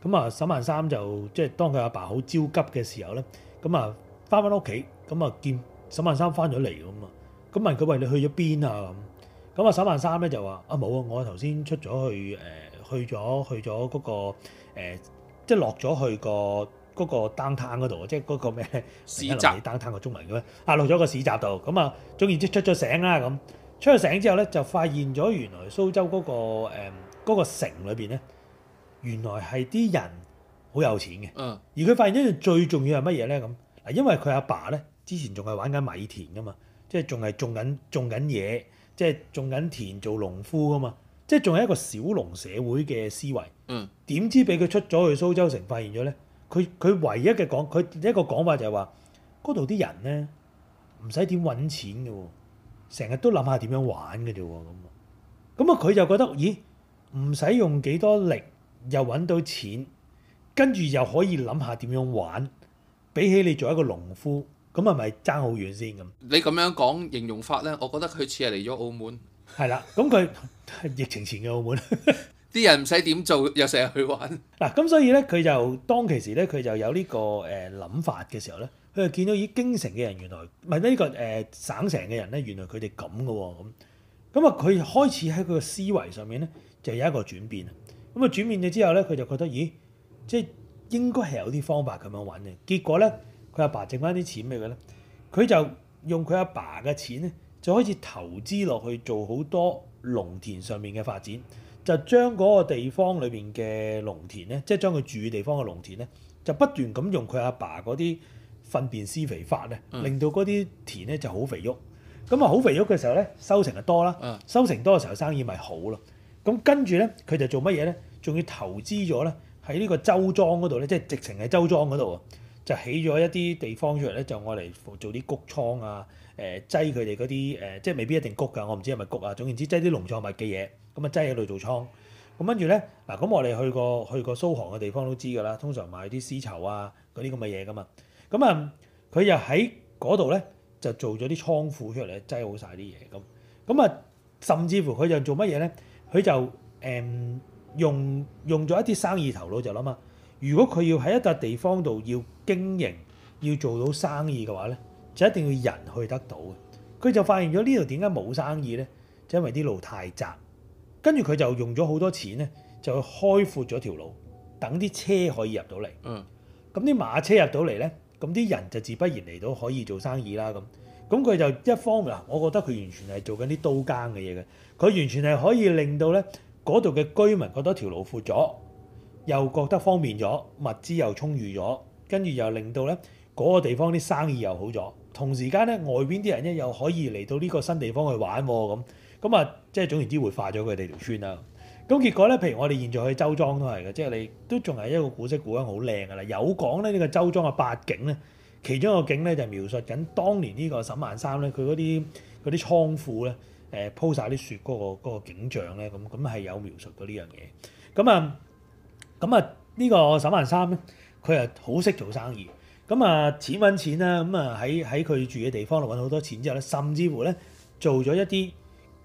咁啊沈萬三就即係當佢阿爸好焦急嘅時候咧，咁啊翻返屋企，咁啊見沈萬三翻咗嚟咁啊。咁問佢：喂，你去咗邊啊？咁啊，沈萬三咧就話：啊冇啊，我頭先出咗去，誒，去咗去咗嗰個即係落咗去個嗰個 Downtown 嗰度，即係嗰個咩市集 Downtown 個中文嘅咩啊，落咗個市集度。咁啊，總然之出咗城啦咁，出咗城之後咧，就發現咗原來蘇州嗰個誒嗰個城裏邊咧，原來係啲人好有錢嘅。嗯。而佢發現一樣最重要係乜嘢咧？咁啊，因為佢阿爸咧之前仲係玩緊米田噶嘛，即係仲係種緊種緊嘢。即係種緊田做農夫噶嘛，即係仲係一個小農社會嘅思維。嗯、點知俾佢出咗去蘇州城發現咗咧？佢佢唯一嘅講，佢一個講法就係話，嗰度啲人咧唔使點揾錢嘅喎，成日都諗下點樣玩嘅啫喎咁。咁啊佢就覺得，咦唔使用幾多力又揾到錢，跟住又可以諗下點樣玩，比起你做一個農夫。咁係咪爭好遠先咁？你咁樣講形容法咧，我覺得佢似係嚟咗澳門。係 啦，咁佢疫情前嘅澳門，啲 人唔使點做，又成日去玩。嗱、啊，咁所以咧，佢就當其時咧，佢就有呢、這個誒諗、呃、法嘅時候咧，佢就見到咦京城嘅人原來唔係呢個誒、呃、省城嘅人咧，原來佢哋咁嘅喎咁。咁啊，佢開始喺佢嘅思維上面咧，就有一個轉變。咁、嗯、啊轉變咗之後咧，佢就覺得咦，即係應該係有啲方法咁樣玩嘅。結果咧。佢阿爸，爸剩翻啲錢俾佢咧，佢就用佢阿爸嘅錢咧，就開始投資落去做好多農田上面嘅發展，就將嗰個地方裏邊嘅農田咧，即係將佢住嘅地方嘅農田咧，就不斷咁用佢阿爸嗰啲糞便施肥法咧，令到嗰啲田咧就好肥沃。咁啊好肥沃嘅時候咧，收成就多啦，收成多嘅時候生意咪好咯。咁跟住咧，佢就做乜嘢咧？仲要投資咗咧喺呢個周莊嗰度咧，即係直情係周莊嗰度。就起咗一啲地方出嚟咧，就愛嚟做啲谷倉啊，誒擠佢哋嗰啲誒，即係未必一定谷㗎，我唔知係咪谷啊。總言之，擠啲農作物嘅嘢，咁啊擠喺度做倉。咁跟住咧，嗱咁我哋去過去過蘇杭嘅地方都知㗎啦，通常買啲絲綢啊嗰啲咁嘅嘢㗎嘛。咁、嗯、啊，佢又喺嗰度咧就做咗啲倉庫出嚟，擠好晒啲嘢咁。咁、嗯、啊，甚至乎佢就做乜嘢咧？佢就誒、嗯、用用咗一啲生意頭腦就諗啊，如果佢要喺一笪地方度要經營要做到生意嘅話咧，就一定要人去得到嘅。佢就發現咗呢度點解冇生意咧，就因為啲路太窄。跟住佢就用咗好多錢咧，就去開闊咗條路，等啲車可以入到嚟。嗯，咁啲馬車入到嚟咧，咁啲人就自不然嚟到可以做生意啦。咁咁佢就一方面，我覺得佢完全係做緊啲刀耕嘅嘢嘅。佢完全係可以令到咧嗰度嘅居民覺得條路闊咗，又覺得方便咗，物資又充裕咗。跟住又令到咧嗰個地方啲生意又好咗，同時間咧外邊啲人咧又可以嚟到呢個新地方去玩喎咁，咁啊即係總言之會化咗佢哋條村啦。咁結果咧，譬如我哋現在去周莊都係嘅，即係你都仲係一個古色古香好靚嘅啦。有講咧呢個周莊嘅八景咧，其中一個景咧就描述緊當年呢個沈萬三咧佢嗰啲啲倉庫咧，誒鋪晒啲雪嗰個嗰個景象咧，咁咁係有描述到呢樣嘢。咁啊咁啊呢個沈萬三咧。佢係好識做生意，咁啊錢揾錢啦，咁啊喺喺佢住嘅地方度揾好多錢之後咧，甚至乎咧做咗一啲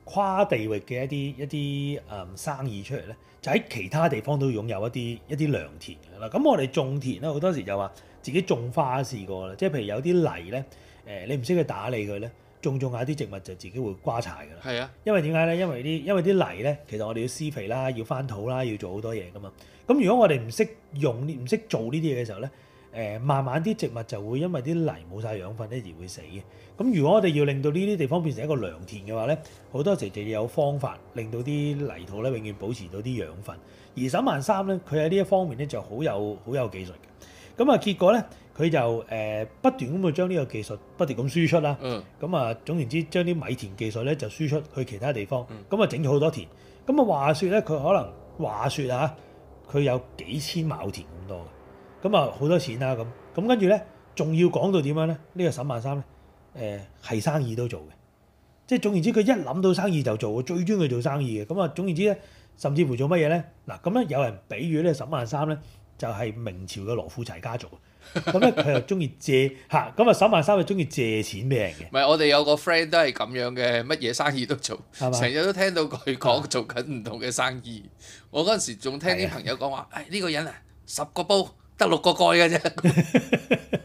跨地域嘅一啲一啲誒、嗯、生意出嚟咧，就喺其他地方都擁有一啲一啲良田㗎啦。咁我哋種田咧，好多時就話自己種花試過啦，即係譬如有啲泥咧，誒、呃、你唔識去打理佢咧，種種下啲植物就自己會瓜柴㗎啦。係啊的，因為點解咧？因為啲因為啲泥咧，其實我哋要施肥啦，要翻土啦，要做好多嘢㗎嘛。咁如果我哋唔識用唔識做呢啲嘢嘅時候咧，誒、呃、慢慢啲植物就會因為啲泥冇晒養分咧而會死嘅。咁如果我哋要令到呢啲地方變成一個良田嘅話咧，好多時就要有方法令到啲泥土咧永遠保持到啲養分。而沈萬三咧，佢喺呢一方面咧就好有好有技術嘅。咁、嗯、啊，結果咧，佢就誒、呃、不斷咁去將呢個技術不斷咁輸出啦。嗯。咁啊，總言之，將啲米田技術咧就輸出去其他地方。咁啊、嗯，整咗好多田。咁、嗯、啊，話說咧，佢可能話説嚇。佢有幾千畝田咁多嘅，咁啊好多錢啦、啊、咁，咁跟住咧，仲要講到點樣咧？呢、這個沈萬三咧，誒、呃、係生意都做嘅，即係總言之，佢一諗到生意就做，最中意做生意嘅。咁啊總言之咧，甚至乎做乜嘢咧？嗱咁咧，有人比喻咧，沈萬三咧就係明朝嘅羅富齊家族。咁咧佢又中意借吓，咁啊沈萬三又中意借錢俾人嘅。唔係，我哋有個 friend 都係咁樣嘅，乜嘢生意都做，成日都聽到佢講做緊唔同嘅生意。我嗰陣時仲聽啲朋友講話，誒呢個人啊十個煲得六個蓋㗎啫。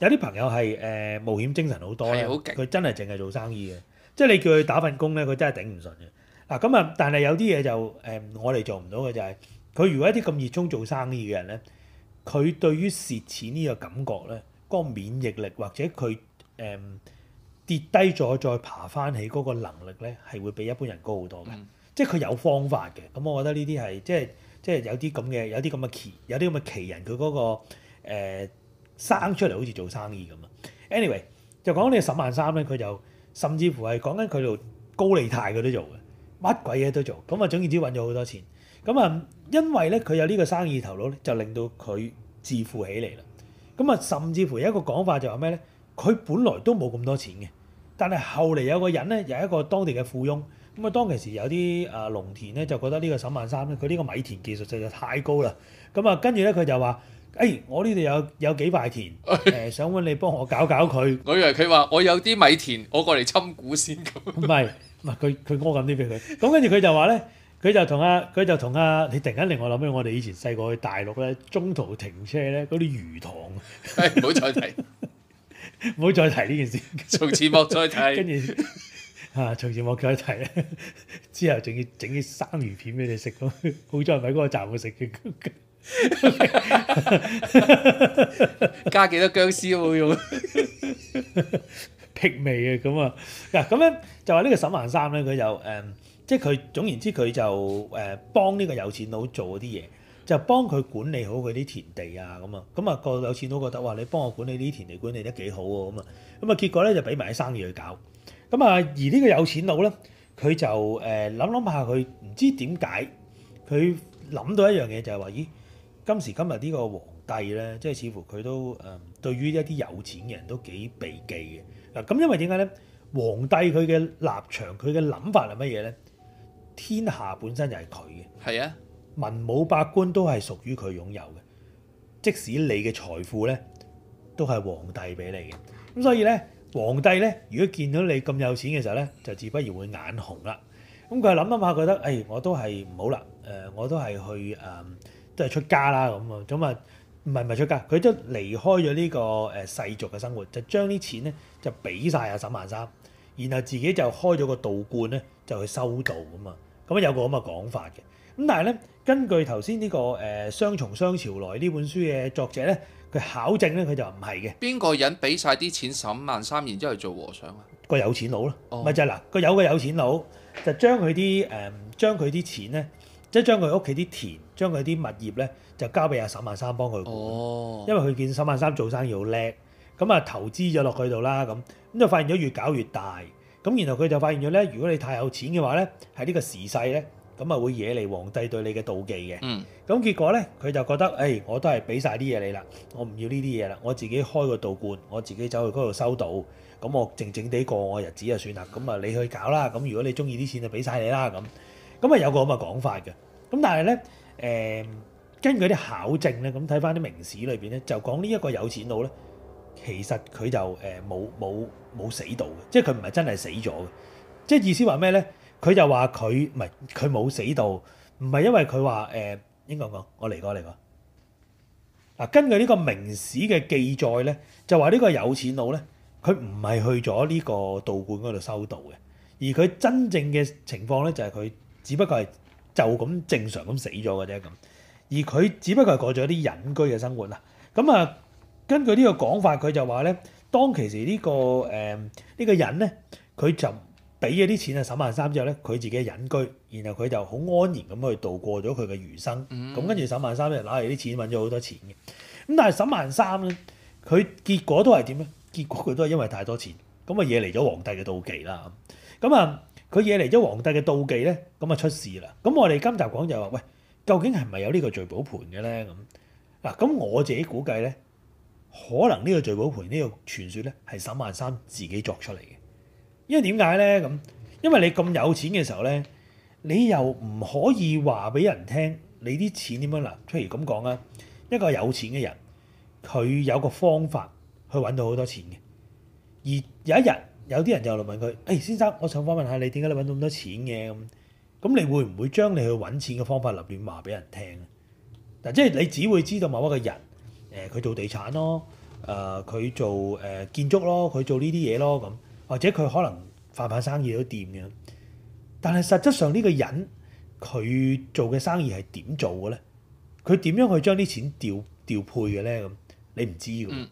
有啲朋友係誒冒險精神好多咧，佢真係淨係做生意嘅，即係你叫佢打份工咧，佢真係頂唔順嘅。嗱咁啊，但係有啲嘢就誒我哋做唔到嘅就係，佢如果一啲咁熱衷做生意嘅人咧。佢對於蝕錢呢個感覺咧，嗰、那個免疫力或者佢誒、嗯、跌低咗再，再爬翻起嗰個能力咧，係會比一般人高好多嘅。嗯、即係佢有方法嘅。咁我覺得呢啲係即係即係有啲咁嘅有啲咁嘅奇有啲咁嘅奇人，佢嗰、那個、呃、生出嚟好似做生意咁啊。Anyway 就講沈萬三咧，佢就甚至乎係講緊佢做高利貸佢都做嘅，乜鬼嘢都做。咁啊總言之揾咗好多錢。咁啊～、嗯因為咧，佢有呢個生意頭腦咧，就令到佢致富起嚟啦。咁啊，甚至乎有一個講法就話咩咧？佢本來都冇咁多錢嘅，但係後嚟有個人咧，有一個當地嘅富翁。咁啊，當其時有啲啊農田咧，就覺得呢個沈萬三咧，佢呢個米田技術實在太高啦。咁啊，跟住咧，佢就話，誒，我呢度有有幾塊田，誒、 呃，想揾你幫我搞搞佢。 我以為佢話我有啲米田，我過嚟參股先。唔 係，唔係，佢佢屙緊啲俾佢。咁跟住佢就話咧。佢就同阿佢就同阿，你突然間令我諗起我哋以前細個去大陸咧，中途停車咧，嗰啲魚塘，唔好再提，唔好再提呢件事，從此莫再提。跟住啊，從此莫再提。之後仲要整啲生魚片俾你食，咁好彩唔係嗰個站會食嘅，加幾多殭屍冇用，辟味嘅咁啊！嗱，咁樣就話呢個沈萬三咧，佢就誒。即係佢總言之，佢就誒幫呢個有錢佬做啲嘢，就幫佢管理好佢啲田地啊咁啊，咁啊、個有錢佬覺得哇，你幫我管理啲田地管理得幾好咁啊，咁啊結果咧就俾埋啲生意去搞，咁啊而呢個有錢佬咧，佢就誒諗諗下佢唔知點解，佢諗到一樣嘢就係話咦，今時今日呢個皇帝咧，即係似乎佢都誒對於一啲有錢人都幾避忌嘅嗱，咁因為點解咧？皇帝佢嘅立場佢嘅諗法係乜嘢咧？天下本身就係佢嘅，係啊的，文武百官都係屬於佢擁有嘅。即使你嘅財富咧，都係皇帝俾你嘅。咁所以咧，皇帝咧，如果見到你咁有錢嘅時候咧，就自不然會眼紅啦。咁佢諗諗下，覺得誒、哎，我都係唔好啦，誒，我都係去誒、嗯，都係出家啦咁啊。咁、嗯、啊，唔係唔係出家，佢都離開咗呢個誒世俗嘅生活，就將啲錢咧就俾晒阿沈萬三。然後自己就開咗個道觀咧，就去修道啊嘛。咁啊有個咁嘅講法嘅。咁但係咧，根據頭先呢個誒、呃《雙重雙朝來》呢本書嘅作者咧，佢考證咧，佢就唔係嘅。邊個人俾晒啲錢沈萬三，然之後做和尚啊、哦？個有錢佬啦。哦。咪就係嗱，個有個有錢佬就將佢啲誒，將佢啲錢咧，即係將佢屋企啲田，將佢啲物業咧，就交俾阿沈萬三幫佢哦。因為佢見沈萬三做生意好叻。咁啊，投資咗落去度啦，咁咁就發現咗越搞越大。咁然後佢就發現咗咧，如果你太有錢嘅話咧，喺呢個時勢咧，咁啊會惹嚟皇帝對你嘅妒忌嘅。嗯。咁結果咧，佢就覺得，誒、哎，我都係俾晒啲嘢你啦，我唔要呢啲嘢啦，我自己開個道觀，我自己走去嗰度修道，咁我靜靜地過我日子就算啦。咁啊，你去搞啦。咁如果你中意啲錢就俾晒你啦。咁，咁啊有個咁嘅講法嘅。咁但係咧，誒，根據啲考證咧，咁睇翻啲明史裏邊咧，就講呢一個有錢佬咧。其實佢就誒冇冇冇死到嘅，即係佢唔係真係死咗嘅，即係意思話咩咧？佢就話佢唔係佢冇死到，唔係因為佢話誒，應該我講，我嚟過嚟過。嗱、啊，根據個呢個明史嘅記載咧，就話呢個有錢佬咧，佢唔係去咗呢個道觀嗰度修道嘅，而佢真正嘅情況咧，就係、是、佢只不過係就咁正常咁死咗嘅啫咁，而佢只不過係過咗啲隱居嘅生活啦。咁啊～啊根據呢個講法，佢就話咧，當其時呢、呢個誒呢、呃呢個人咧，佢就俾咗啲錢啊，沈萬三之後咧，佢自己隱居，然後佢就好安然咁去度過咗佢嘅餘生。咁跟住沈萬三咧，攞嚟啲錢搵咗好多錢嘅。咁但係沈萬三咧，佢結果都係點咧？結果佢都係因為太多錢，咁啊惹嚟咗皇帝嘅妒忌啦。咁啊，佢惹嚟咗皇帝嘅妒忌咧，咁啊出事啦。咁我哋今集講就係話，喂，究竟係咪有個罪呢個聚寶盆嘅咧？咁嗱，咁我自己估計咧。可能呢個聚寶盆呢個傳說呢，係沈萬三自己作出嚟嘅，因為點解呢？咁，因為你咁有錢嘅時候呢，你又唔可以話俾人聽你啲錢點樣嗱。譬如咁講啊，一個有錢嘅人，佢有個方法去揾到好多錢嘅。而有一日有啲人就嚟問佢，誒、hey, 先生，我想問下你點解你揾到咁多錢嘅咁？咁你會唔會將你去揾錢嘅方法立亂話俾人聽？但即係你只會知道某一個人。誒佢做地產咯，誒、呃、佢做誒、呃、建築咯，佢做呢啲嘢咯咁，或者佢可能飯飯生意都掂嘅。但係實質上呢個人佢做嘅生意係點做嘅咧？佢點樣去將啲錢調調配嘅咧？咁你唔知㗎。咁、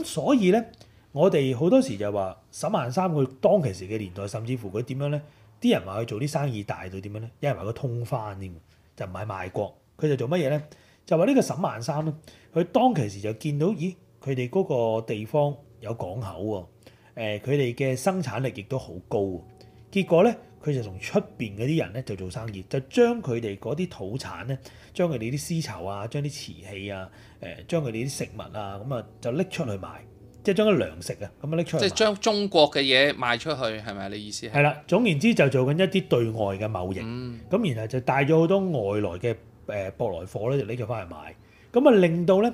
嗯、所以咧，我哋好多時就話沈萬三佢當其時嘅年代，甚至乎佢點樣咧？啲人話佢做啲生意大到點樣咧？有人話佢通翻添，就唔係賣國，佢就做乜嘢咧？就話呢個沈萬三咧。佢當其時就見到，咦？佢哋嗰個地方有港口喎、啊，佢哋嘅生產力亦都好高、啊。結果咧，佢就同出邊嗰啲人咧就做生意，就將佢哋嗰啲土產咧，將佢哋啲絲綢啊，將啲瓷器啊，誒，將佢哋啲食物啊，咁啊，就拎出去賣，即係將啲糧食啊，咁啊拎出去賣。即係將中國嘅嘢賣出去，係咪？你意思係？係啦，總言之就做緊一啲對外嘅貿易，咁、嗯、然後就帶咗好多外來嘅誒舶來貨咧，就拎咗翻嚟賣。咁啊，令到咧，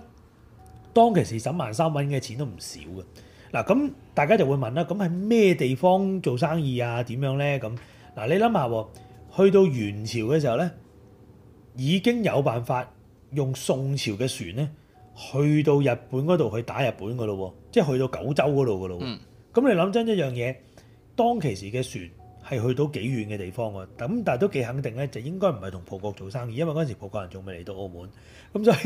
當其時沈萬三揾嘅錢都唔少嘅。嗱，咁大家就會問啦，咁喺咩地方做生意啊？點樣咧？咁嗱，你諗下，去到元朝嘅時候咧，已經有辦法用宋朝嘅船咧，去到日本嗰度去打日本嘅咯喎，即係去到九州嗰度嘅咯。咁、嗯、你諗真一樣嘢，當其時嘅船。係去到幾遠嘅地方喎？咁但係都幾肯定咧，就應該唔係同葡國做生意，因為嗰陣時葡國人仲未嚟到澳門，咁、嗯、所以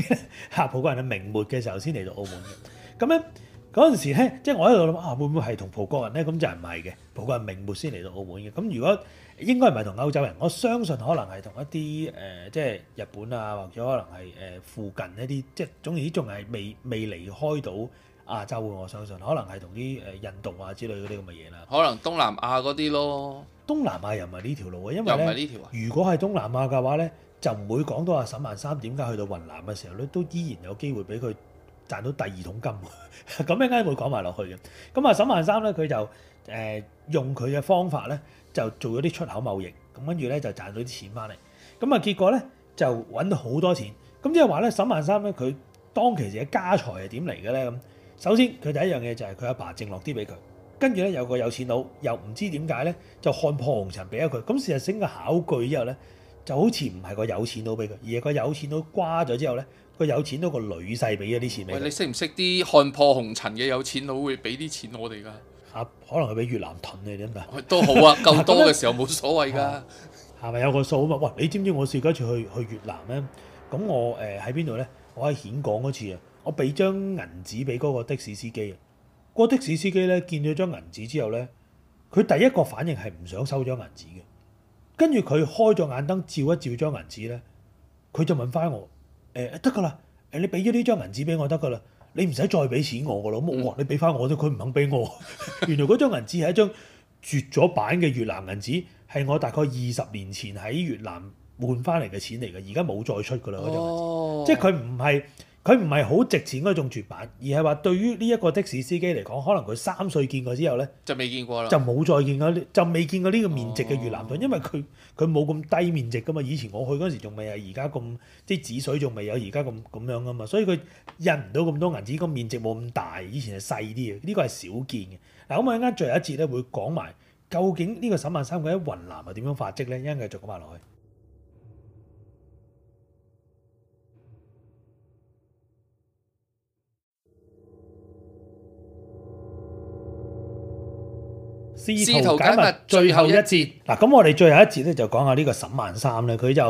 吓葡、啊、國人喺明末嘅時候先嚟到澳門嘅。咁咧，嗰陣時咧，即、就、係、是、我喺度諗啊，會唔會係同葡國人咧？咁就係唔係嘅，葡國人明末先嚟到澳門嘅。咁、嗯、如果應該唔係同歐洲人，我相信可能係同一啲誒、呃，即係日本啊，或者可能係誒、呃、附近一啲，即係總之仲係未未離開到亞洲嘅。我相信可能係同啲誒印度啊之類嗰啲咁嘅嘢啦。可能東南亞嗰啲咯。東南亞又唔係呢條路啊，因為咧，如果係東南亞嘅話咧，就唔會講到阿沈萬三點解去到雲南嘅時候咧，都依然有機會俾佢賺到第二桶金。咁應該會講埋落去嘅。咁、嗯、啊，沈萬三咧，佢就誒、呃、用佢嘅方法咧，就做咗啲出口貿易，咁跟住咧就賺到啲錢翻嚟。咁啊，結果咧就揾到好多錢。咁即係話咧，沈萬三咧，佢當其時嘅家財係點嚟嘅咧？咁首先佢第一樣嘢就係佢阿爸淨落啲俾佢。跟住咧有個有錢佬，又唔知點解咧就看破紅塵俾咗佢。咁事實整個考據之後咧，就好似唔係個有錢佬俾佢，而係個有錢佬瓜咗之後咧，個有錢佬個女婿俾咗啲錢佢。喂，你識唔識啲看破紅塵嘅有錢佬會俾啲錢我哋噶？啊，可能佢俾越南盾你哋唔係？都好啊，夠多嘅時候冇所謂㗎。係咪有個數啊？喂！你知唔知我試過一次去去越南咧？咁我誒喺邊度咧？我喺香港嗰次啊，我俾張銀紙俾嗰個的士司機啊。個的士司機咧見咗張銀紙之後咧，佢第一個反應係唔想收張銀紙嘅。跟住佢開咗眼燈照一照一張銀紙咧，佢就問翻我：誒得㗎啦，誒你俾咗呢張銀紙俾我得㗎啦，你唔使再俾錢我㗎啦。冇我、嗯哦、你俾翻我啫，佢唔肯俾我。我 原來嗰張銀紙係一張絕咗版嘅越南銀紙，係我大概二十年前喺越南換翻嚟嘅錢嚟嘅，而家冇再出㗎啦。張銀紙哦，即係佢唔係。佢唔係好值錢嗰種絕版，而係話對於呢一個的士司機嚟講，可能佢三歲見過之後咧，就未見過啦，就冇再見過就未見過呢個面值嘅越南盾，哦、因為佢佢冇咁低面值噶嘛。以前我去嗰陣時仲未係而家咁，即係紙水仲未有而家咁咁樣噶嘛。所以佢印唔到咁多銀紙，個面值冇咁大。以前係細啲嘅，呢、呢個係少見嘅。嗱，咁我陣間最後一節咧會講埋究竟呢個沈萬三喺雲南係點樣發跡咧，一陣間繼續講埋落去。試圖解密最後,最,後最後一節嗱，咁我哋最後一節咧就講下呢個沈萬三咧，佢就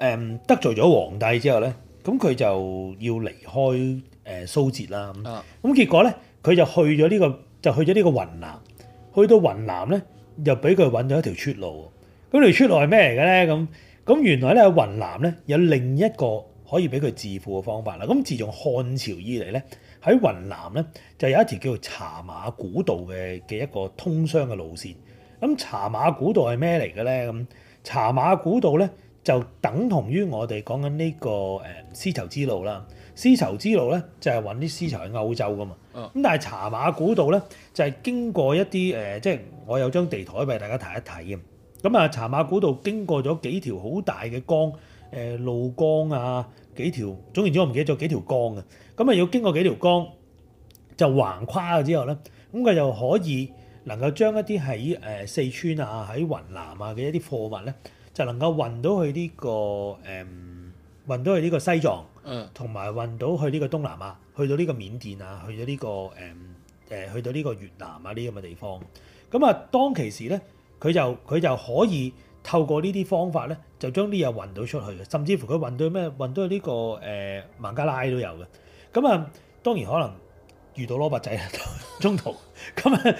誒得罪咗皇帝之後咧，咁佢就要離開誒蘇浙啦。咁咁、啊、結果咧，佢就去咗呢、呢個就去咗呢個雲南，去到雲南咧又俾佢揾到一條出路。咁條出路係咩嚟嘅咧？咁咁原來咧喺雲南咧有另一個可以俾佢致富嘅方法啦。咁自從漢朝以嚟咧。喺雲南咧，就有一條叫做茶馬古道嘅嘅一個通商嘅路線。咁茶馬古道係咩嚟嘅咧？咁茶馬古道咧就等同於我哋講緊呢個誒、呃、絲綢之路啦。絲綢之路咧就係搵啲絲綢去歐洲㗎嘛。咁、嗯、但係茶馬古道咧就係、是、經過一啲誒，即、呃、係、就是、我有張地圖俾大家睇一睇嘅。咁、嗯、啊，茶馬古道經過咗幾條好大嘅江。誒、呃、路江啊，幾條總言之我，我唔記得咗幾條江啊。咁啊要經過幾條江就橫跨咗之後咧，咁佢就可以能夠將一啲喺誒四川啊、喺雲南啊嘅一啲貨物咧，就能夠運到去呢、呢個誒、嗯、運到去呢個西藏，同埋運到去呢個東南亞，去到呢個緬甸啊，去到呢、呢個誒誒、嗯、去到呢個越南啊呢啲咁嘅地方，咁啊當其時咧，佢就佢就可以。透過呢啲方法咧，就將啲嘢運到出去嘅，甚至乎佢運到咩？運到去呢個誒孟加拉都有嘅。咁啊，當然可能遇到蘿蔔仔啊， 中途咁啊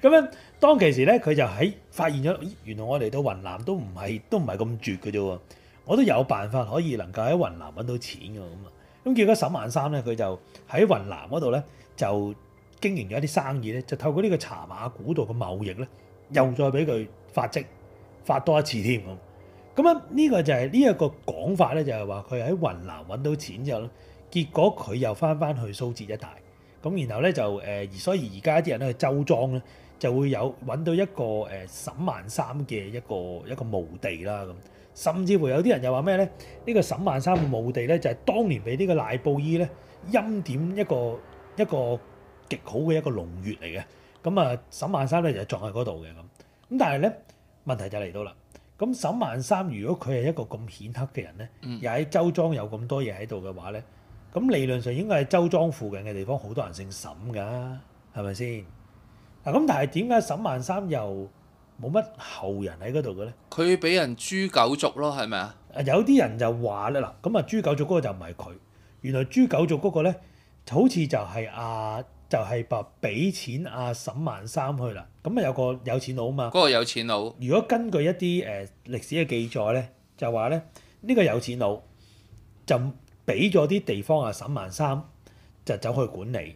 咁樣。 當其時咧，佢就喺發現咗，原來我嚟到雲南都唔係都唔係咁絕嘅啫。我都有辦法可以能夠喺雲南揾到錢嘅咁啊。咁結果沈萬三咧，佢就喺雲南嗰度咧就經營咗一啲生意咧，就透過呢個茶馬古道嘅貿易咧，又再俾佢發跡。發多一次添咁，咁啊呢個就係呢一個講法咧，就係話佢喺雲南揾到錢之後咧，結果佢又翻翻去蘇浙一帶，咁然後咧就誒，而、呃、所以而家啲人咧去周莊咧就會有揾到一個誒、呃、沈萬三嘅一個一個墓地啦咁、嗯，甚至乎有啲人又話咩咧？呢、這個沈萬三墓地咧就係當年俾呢個賴布衣咧陰點一個一個極好嘅一個龍穴嚟嘅，咁、嗯、啊沈萬三咧就葬喺嗰度嘅咁，咁、嗯、但係咧。問題就嚟到啦。咁沈萬三如果佢係一個咁顯赫嘅人呢，嗯、又喺周莊有咁多嘢喺度嘅話呢，咁理論上應該係周莊附近嘅地方好多人姓沈㗎、啊，係咪先？嗱、啊，咁但係點解沈萬三又冇乜後人喺嗰度嘅呢？佢俾人誅九族咯，係咪啊？有啲人就話咧，嗱，咁啊誅九族嗰個就唔係佢，原來誅九族嗰個咧，好似就係啊。就係白俾錢阿、啊、沈萬三去啦，咁啊有個有錢佬啊嘛，嗰個有錢佬。如果根據一啲誒、呃、歷史嘅記載咧，就話咧呢、呢個有錢佬就俾咗啲地方阿、啊、沈萬三就走去管理，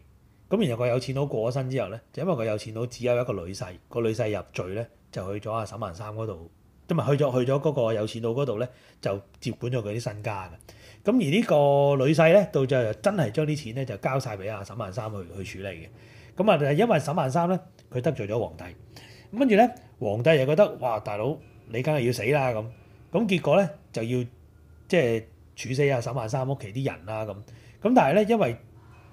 咁然後個有錢佬過咗身之後咧，就因為個有錢佬只有一個女婿，個女婿入贅咧就去咗阿、啊、沈萬三嗰度，即係咪去咗去咗嗰個有錢佬嗰度咧就接管咗佢啲身家啊。咁而呢個女婿咧，到最後就真係將啲錢咧就交晒俾阿沈萬三去去處理嘅。咁啊，係因為沈萬三咧，佢得罪咗皇帝。咁跟住咧，皇帝又覺得哇，大佬你梗係要死啦咁。咁結果咧就要即係、就是、處死阿沈萬三屋企啲人啦咁。咁但係咧，因為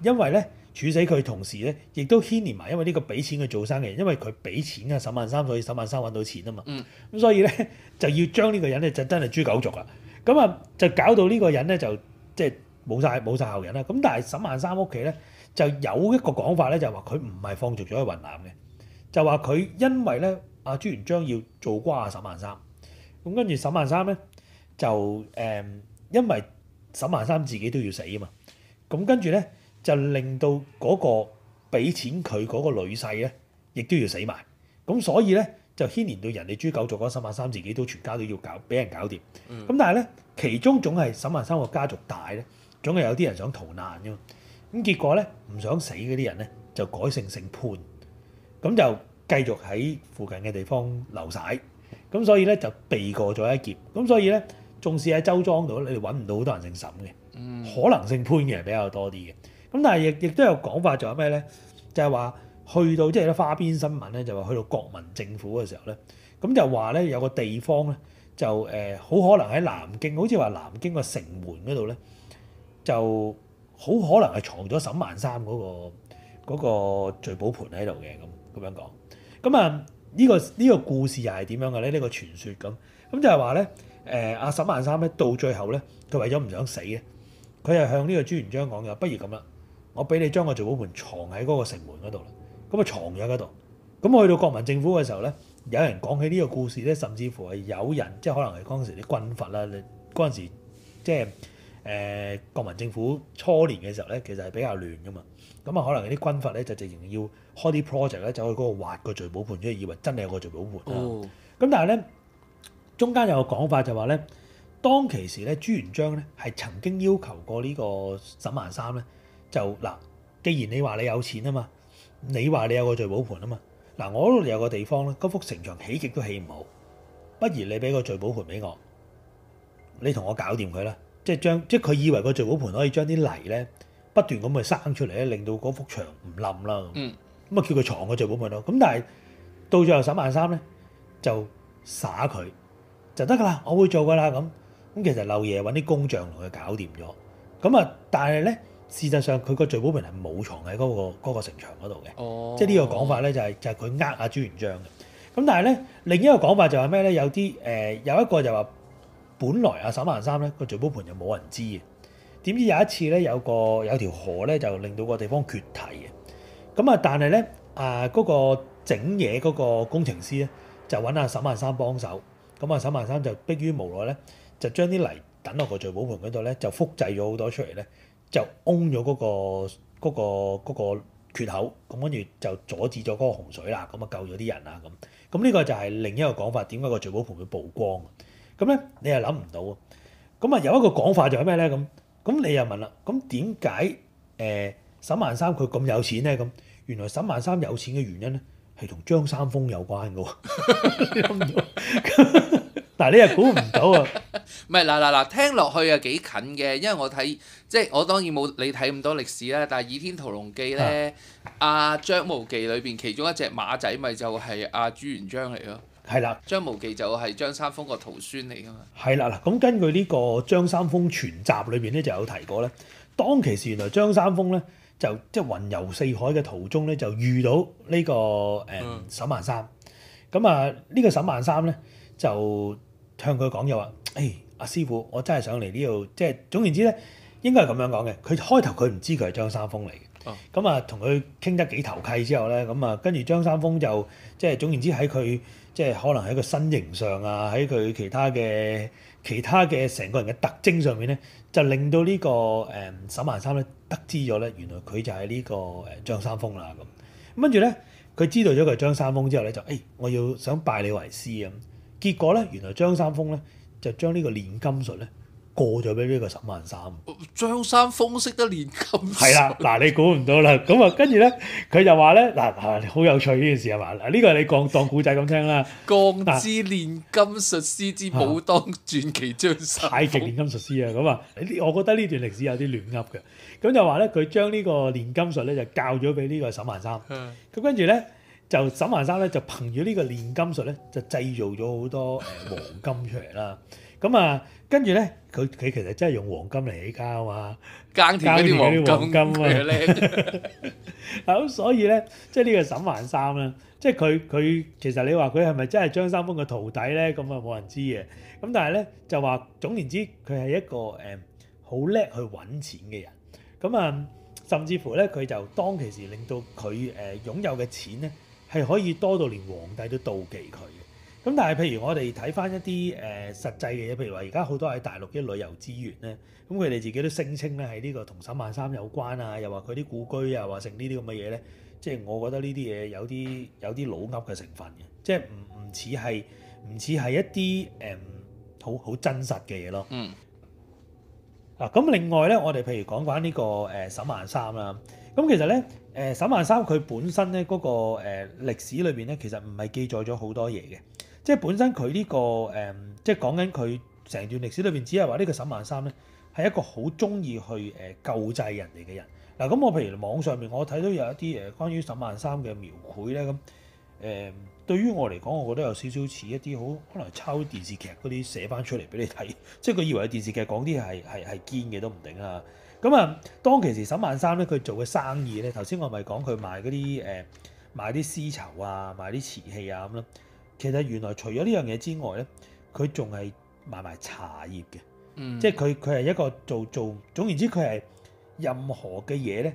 因為咧處死佢同時咧，亦都牽連埋因為呢個俾錢佢做生意嘅人，因為佢俾錢啊沈萬三，所以沈萬三揾到錢啊嘛。咁、嗯、所以咧就要將呢個人咧就真係誅九族啊。咁啊，就搞到呢個人咧，就即係冇曬冇曬後人啦。咁但係沈萬三屋企咧，就有一個講法咧，就話佢唔係放逐咗去雲南嘅，就話佢因為咧，阿朱元璋要做瓜啊沈萬三，咁跟住沈萬三咧就誒，因為沈萬三自己都要死啊嘛，咁跟住咧就令到嗰個俾錢佢嗰個女婿咧，亦都要死埋，咁所以咧。就牽連到人哋豬狗族嗰，沈萬三自己都全家都要搞，俾人搞掂。咁、嗯、但係咧，其中總係沈萬三個家族大咧，總係有啲人想逃難㗎嘛。咁結果咧，唔想死嗰啲人咧就改姓成潘，咁就繼續喺附近嘅地方流晒。咁所以咧就避過咗一劫。咁所以咧，縱使喺周莊度，你哋揾唔到好多人姓沈嘅，可能姓潘嘅人比較多啲嘅。咁但係亦亦都有講法就，就係咩咧？就係話。去到即係咧花邊新聞咧，就話去到國民政府嘅時候咧，咁就話咧有個地方咧，就誒好可能喺南京，好似話南京個城門嗰度咧，就好可能係藏咗沈萬三嗰、嗰個嗰個聚寶盆喺度嘅，咁咁樣講。咁啊呢個呢、呢個故事又係點樣嘅咧？呢、呢個傳說咁，咁就係話咧誒阿沈萬三咧到最後咧，佢為咗唔想死嘅，佢係向呢個朱元璋講嘅，不如咁啦，我俾你將個聚寶盆藏喺嗰個城門嗰度啦。咁啊藏咗喺度。咁去到國民政府嘅時候咧，有人講起呢個故事咧，甚至乎係有人，即係可能係嗰陣時啲軍閥啦。嗰陣時即係誒、呃、國民政府初年嘅時候咧，其實係比較亂噶嘛。咁啊，可能有啲軍閥咧就直情要開啲 project 咧，走去嗰個挖個聚寶盆，即係以為真係有個聚寶盆。咁、哦、但係咧，中間有個講法就話咧，當其時咧，朱元璋咧係曾經要求過個呢個沈萬三咧，就嗱，既然你話你有錢啊嘛。你話你有個聚寶盆啊嘛？嗱，我度有個地方咧，幅城牆起極都起唔好，不如你俾個聚寶盆俾我，你同我搞掂佢啦，即係將即係佢以為個聚寶盆可以將啲泥咧不斷咁去生出嚟咧，令到幅牆唔冧啦。嗯，咁啊叫佢藏個聚寶盆咯。咁但係到最後沈萬三咧就耍佢就得㗎啦，我會做㗎啦咁。咁其實漏爺揾啲工匠同佢搞掂咗。咁啊，但係咧。事實上，佢個聚寶盆係冇藏喺嗰個嗰個城牆嗰度嘅，oh. 即係呢個講法咧就係就係佢呃阿朱元璋嘅。咁但係咧另一個講法就係咩咧？有啲誒、呃、有一個就話，本來阿、啊、沈萬三咧個聚寶盆就冇人知嘅。點知有一次咧有個有條河咧就令到個地方決堤嘅。咁啊但係咧啊嗰個整嘢嗰個工程師咧就揾阿、啊、沈萬三幫手。咁啊沈萬三就迫於無奈咧就將啲泥揼落個聚寶盆嗰度咧就複製咗好多出嚟咧。就崩咗嗰個嗰個嗰個缺口，咁跟住就阻止咗嗰個洪水啦，咁啊救咗啲人啦，咁咁呢個就係另一個講法，點解個聚寶盆會曝光啊？咁咧你又諗唔到啊！咁啊有一個講法就係咩咧？咁咁你又問啦，咁點解誒沈萬三佢咁有錢咧？咁原來沈萬三有錢嘅原因咧係同張三豐有關嘅喎，但係你又估唔到啊！唔係嗱嗱嗱，聽落去啊幾近嘅，因為我睇即係我當然冇你睇咁多歷史啦，但係《倚天屠龍記》咧，阿、啊啊、張無忌裏邊其中一隻馬仔咪就係阿、啊、朱元璋嚟咯。係啦的，張無忌就係張三豐個徒孫嚟噶嘛。係啦，嗱，咁根據呢個《張三豐全集裡面呢》裏邊咧就有提過咧，當其時原來張三豐咧就即係雲遊四海嘅途中咧就遇到呢、這個誒沈、嗯、萬三，咁啊呢、這個沈萬三咧就。向佢講又話，誒、哎，阿、啊、師傅，我真係想嚟呢度，即係總言之咧，應該係咁樣講嘅。佢開頭佢唔知佢係張三豐嚟嘅，咁啊、嗯，同佢傾得幾投契之後咧，咁啊，跟住張三豐就即係總言之喺佢即係可能喺個身形上啊，喺佢其他嘅其他嘅成個人嘅特徵上面咧，就令到呢、這個誒、嗯、沈萬三咧得知咗咧，原來佢就係呢個誒張三豐啦。咁跟住咧，佢知道咗佢係張三豐之後咧，就誒、哎、我要想拜你為師咁。結果咧，原來張三豐咧就將呢個煉金術咧過咗俾呢個沈萬三。張三豐識得煉金術？係啦，嗱你估唔到啦。咁啊，跟住咧，佢就話咧嗱，啊啊、你好有趣呢件事係嘛？嗱，呢個係你講當古仔咁聽啦。鋼之煉金術師之武當傳奇張三，太極煉金術師啊！咁啊，呢、啊啊，我覺得呢段歷史有啲亂噏嘅。咁就話咧，佢將呢個煉金術咧就教咗俾呢個沈萬三。嗯。咁跟住咧。啊就沈萬三咧，就憑住呢個煉金術咧，就製造咗好多誒黃金出嚟啦。咁啊、 嗯，跟住咧，佢佢其實真係用黃金嚟起家啊嘛，耕田嗰啲黃金啊。咁呢、 嗯、所以咧，即係呢個沈萬三咧，即係佢佢其實你話佢係咪真係張三豐嘅徒弟咧？咁啊，冇人知嘅。咁但係咧，就話總言之，佢係一個誒好叻去揾錢嘅人。咁、嗯、啊，甚至乎咧，佢就當其時令到佢誒擁有嘅錢咧，係可以多到連皇帝都妒忌佢嘅，咁但係譬如我哋睇翻一啲誒、呃、實際嘅嘢，譬如話而家好多喺大陸嘅旅遊資源咧，咁佢哋自己都聲稱咧，係呢個同沈萬三有關啊，又話佢啲故居啊，話成呢啲咁嘅嘢咧，即係我覺得呢啲嘢有啲有啲老噏嘅成分嘅，即係唔唔似係唔似係一啲誒好好真實嘅嘢咯。嗯。嗱，咁另外咧，我哋譬如講講呢個誒沈萬三啦，咁其實咧。誒、呃、沈萬三佢本身咧嗰、那個誒、呃、歷史裏邊咧，其實唔係記載咗好多嘢嘅，即係本身佢呢、這個誒、呃，即係講緊佢成段歷史裏邊，只係話呢個沈萬三咧係一個好中意去誒、呃、救濟人哋嘅人。嗱、呃、咁我譬如網上面我睇到有一啲誒關於沈萬三嘅描繪咧，咁誒、呃、對於我嚟講，我覺得有少少似一啲好可能抄電視劇嗰啲寫翻出嚟俾你睇，即係佢以為電視劇講啲係係係堅嘅都唔定啊。咁啊，嗯、當其時沈萬三咧，佢做嘅生意咧，頭先我咪講佢賣嗰啲誒，賣啲絲綢啊，賣啲瓷器啊咁咯。其實原來除咗呢樣嘢之外咧，佢仲係賣埋茶葉嘅，嗯、即係佢佢係一個做做，總言之佢係任何嘅嘢咧，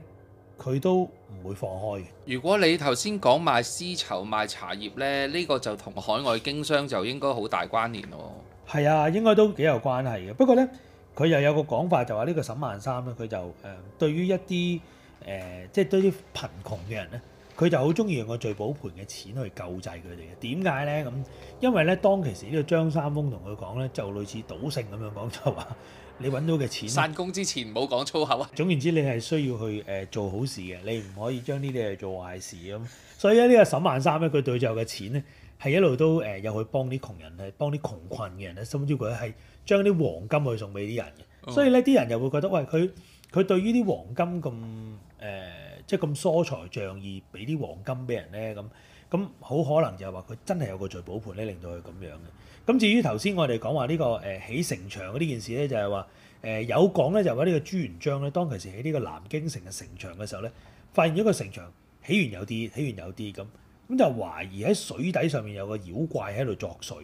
佢都唔會放開嘅。如果你頭先講賣絲綢、賣茶葉咧，呢個就同海外經商就應該好大關聯咯、哦。係啊，應該都幾有關係嘅。不過咧。佢又有個講法就話呢個沈萬三咧，佢就誒、呃、對於一啲誒、呃、即係對於貧窮嘅人咧，佢就好中意用個聚寶盆嘅錢去救濟佢哋嘅。點解咧？咁、嗯、因為咧當其時個張呢個張三豐同佢講咧，就類似賭聖咁樣講就話你揾到嘅錢，散工之前唔好講粗口啊。總言之，你係需要去誒、呃、做好事嘅，你唔可以將呢啲嘢做壞事咁、嗯。所以咧呢個沈萬三咧，佢對就嘅錢咧。係一路都誒有去幫啲窮人，係幫啲窮困嘅人咧，甚至乎佢係將啲黃金去送俾啲人嘅，所以咧啲人又會覺得，喂，佢佢對於呢啲黃金咁，誒即係咁疏財仗義，俾啲黃金俾人咧，咁咁好可能就係話佢真係有個聚寶盆咧，令到佢咁樣嘅。咁至於頭先我哋講話呢個誒起城牆呢件事咧，就係話誒有講咧，就話呢個朱元璋咧當其時起呢個南京城嘅城牆嘅時候咧，發現咗個城牆起完有啲，起完有啲咁。咁就懷疑喺水底上面有個妖怪喺度作祟，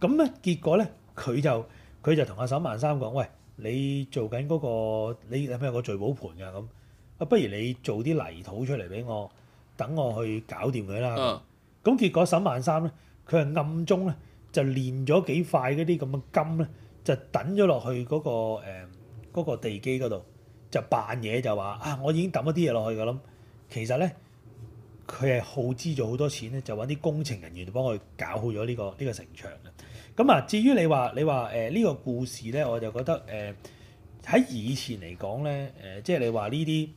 咁咧結果咧佢就佢就同阿沈萬三講：喂，你做緊、那、嗰個你係咪有個聚寶盆㗎？咁啊，不如你做啲泥土出嚟俾我，等我去搞掂佢啦。咁、嗯、結果沈萬三咧，佢係暗中咧就練咗幾塊嗰啲咁嘅金咧，就抌咗落去嗰、嗰個誒、呃嗰個、地基嗰度，就扮嘢就話啊，我已經抌一啲嘢落去㗎啦。其實咧。佢係耗資咗好多錢咧，就搵啲工程人員幫佢搞好咗、這、呢個呢、呢個城牆嘅。咁啊，至於你話你話誒呢個故事咧，我就覺得誒喺、呃、以前嚟講咧誒、呃，即係你話呢啲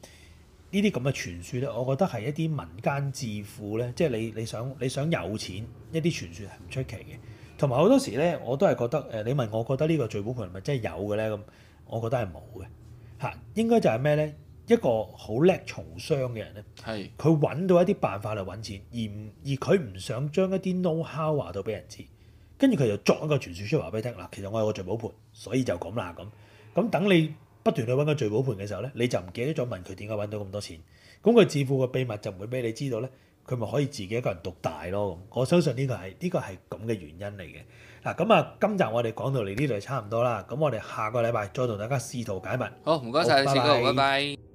呢啲咁嘅傳説咧，我覺得係一啲民間致富咧，即係你你想你想有錢一啲傳説係唔出奇嘅。同埋好多時咧，我都係覺得誒、呃，你問我覺得個寶寶的的呢個聚寶盆係咪真係有嘅咧？咁我覺得係冇嘅嚇，應該就係咩咧？一個好叻從商嘅人咧，佢揾是到一啲辦法嚟揾錢，而而佢唔想將一啲 know how 話到俾人知，跟住佢就作一個傳説出嚟話俾你聽。嗱，其實我有個聚寶盆，所以就咁啦咁。咁等你不斷去揾個聚寶盆嘅時候咧，你就唔記得咗問佢點解揾到咁多錢。咁佢致富嘅秘密就唔會俾你知道咧，佢咪可以自己一個人獨大咯。我相信呢個係呢、呢個係咁嘅原因嚟嘅。嗱咁啊，今集我哋講到嚟呢度差唔多啦。咁我哋下個禮拜再同大家試圖解密。好，唔該晒，拜拜。拜拜。